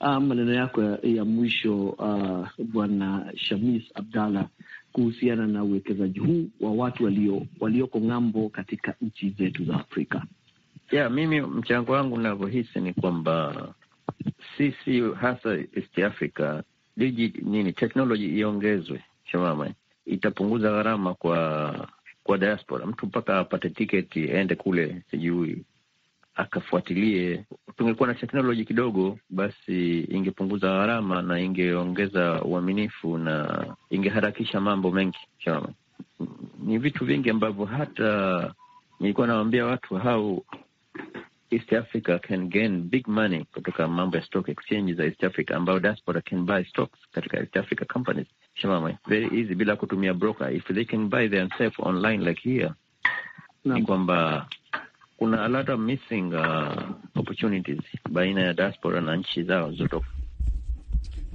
uh, maneno yako ya, ya mwisho uh, Bwana Shamis Abdalla kuhusiana na uwekezaji huu wa watu walio walioko ng'ambo katika nchi zetu za Afrika. Yeah, mimi mchango wangu unavyohisi ni kwamba sisi hasa East Africa digi, nini teknoloji iongezwe, shamama itapunguza gharama kwa kwa diaspora, mtu mpaka apate tiketi aende kule, sijui akafuatilie. Tungekuwa na teknoloji kidogo, basi ingepunguza gharama na ingeongeza uaminifu na ingeharakisha mambo mengi. Ni vitu vingi ambavyo hata nilikuwa nawaambia watu hao East Africa can gain big money kutoka mambo ya stock exchange za East Africa, ambayo diaspora can buy stocks katika East Africa companies shamama, very easy, bila kutumia broker, if they can buy themselves online like here no. Ni kwamba kuna a lot of missing uh, opportunities baina ya diaspora na nchi zao zotoka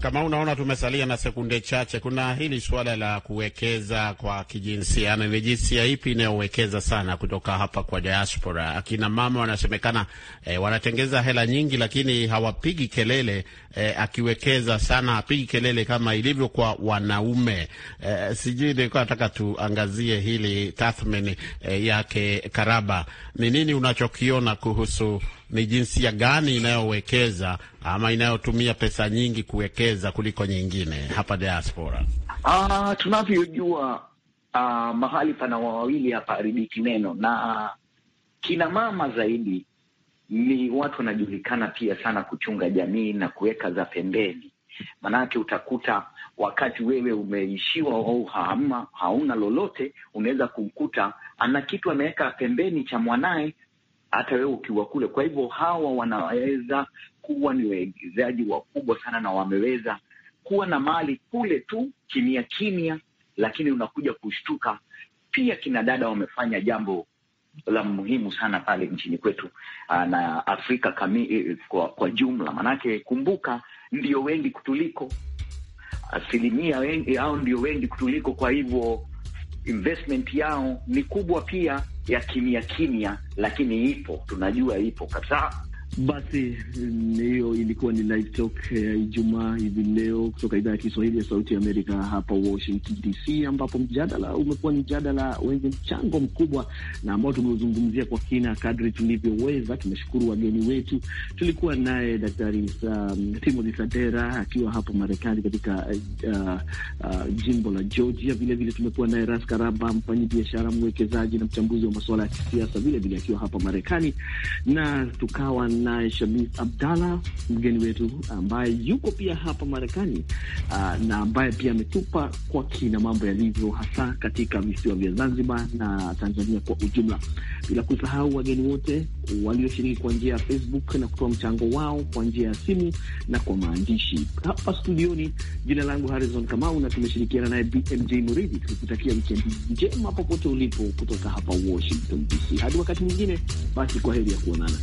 kama unaona tumesalia na sekunde chache, kuna hili suala la kuwekeza kwa kijinsia. Ni jinsia ipi inayowekeza sana kutoka hapa kwa diaspora? Akina mama wanasemekana e, wanatengeza hela nyingi, lakini hawapigi kelele e, akiwekeza sana hapigi kelele kama ilivyo kwa wanaume e, sijui nilikuwa nataka tuangazie hili tathmini e, yake Karaba, ni nini unachokiona kuhusu ni jinsia gani inayowekeza ama inayotumia pesa nyingi kuwekeza kuliko nyingine hapa diaspora? Ah, tunavyojua uh, mahali pana wawili haribiki neno, na kina mama zaidi ni watu wanajulikana pia sana kuchunga jamii na kuweka za pembeni. Maanake utakuta wakati wewe umeishiwa au hauna lolote, unaweza kumkuta ana kitu ameweka pembeni cha mwanaye hata wewe ukiwa kule. Kwa hivyo hawa wanaweza kuwa ni waigizaji wakubwa sana, na wameweza kuwa na mali kule tu kimya kimya, lakini unakuja kushtuka. Pia kina dada wamefanya jambo la muhimu sana pale nchini kwetu ah, na Afrika kami, eh, kwa, kwa jumla, manake kumbuka, ndio wengi kutuliko asilimia wengi au ndio wengi kutuliko, kwa hivyo investment yao ni kubwa pia ya kimya kimya, lakini ipo, tunajua ipo kabisa. Basi eh, hiyo ilikuwa ni live talk ya eh, Ijumaa hivi leo kutoka idhaa ya Kiswahili ya Sauti ya Amerika hapa Washington DC, ambapo mjadala umekuwa ni mjadala wenye mchango mkubwa na ambao tumeuzungumzia kwa kina kadri tulivyoweza. Tumeshukuru wageni wetu, tulikuwa naye Daktari um, Timothy Sadera akiwa hapa Marekani katika uh, uh, jimbo la Georgia. Vilevile tumekuwa naye Ras Karaba, mfanyi biashara, mwekezaji na mchambuzi wa masuala ya kisiasa, vilevile akiwa hapa Marekani na tukawa naye Shamis Abdalla, mgeni wetu ambaye yuko pia hapa Marekani uh, na ambaye pia ametupa kwa kina mambo yalivyo hasa katika visiwa vya Zanzibar na Tanzania kwa ujumla, bila kusahau wageni wote walioshiriki kwa njia ya Facebook na kutoa mchango wao kwa njia ya simu na kwa maandishi hapa studioni. Jina langu Harrison Kamau na tumeshirikiana naye BMJ Muridi, tukikutakia wikendi njema popote ulipo, kutoka hapa Washington DC. Hadi wakati mwingine, basi kwa heri ya kuonana.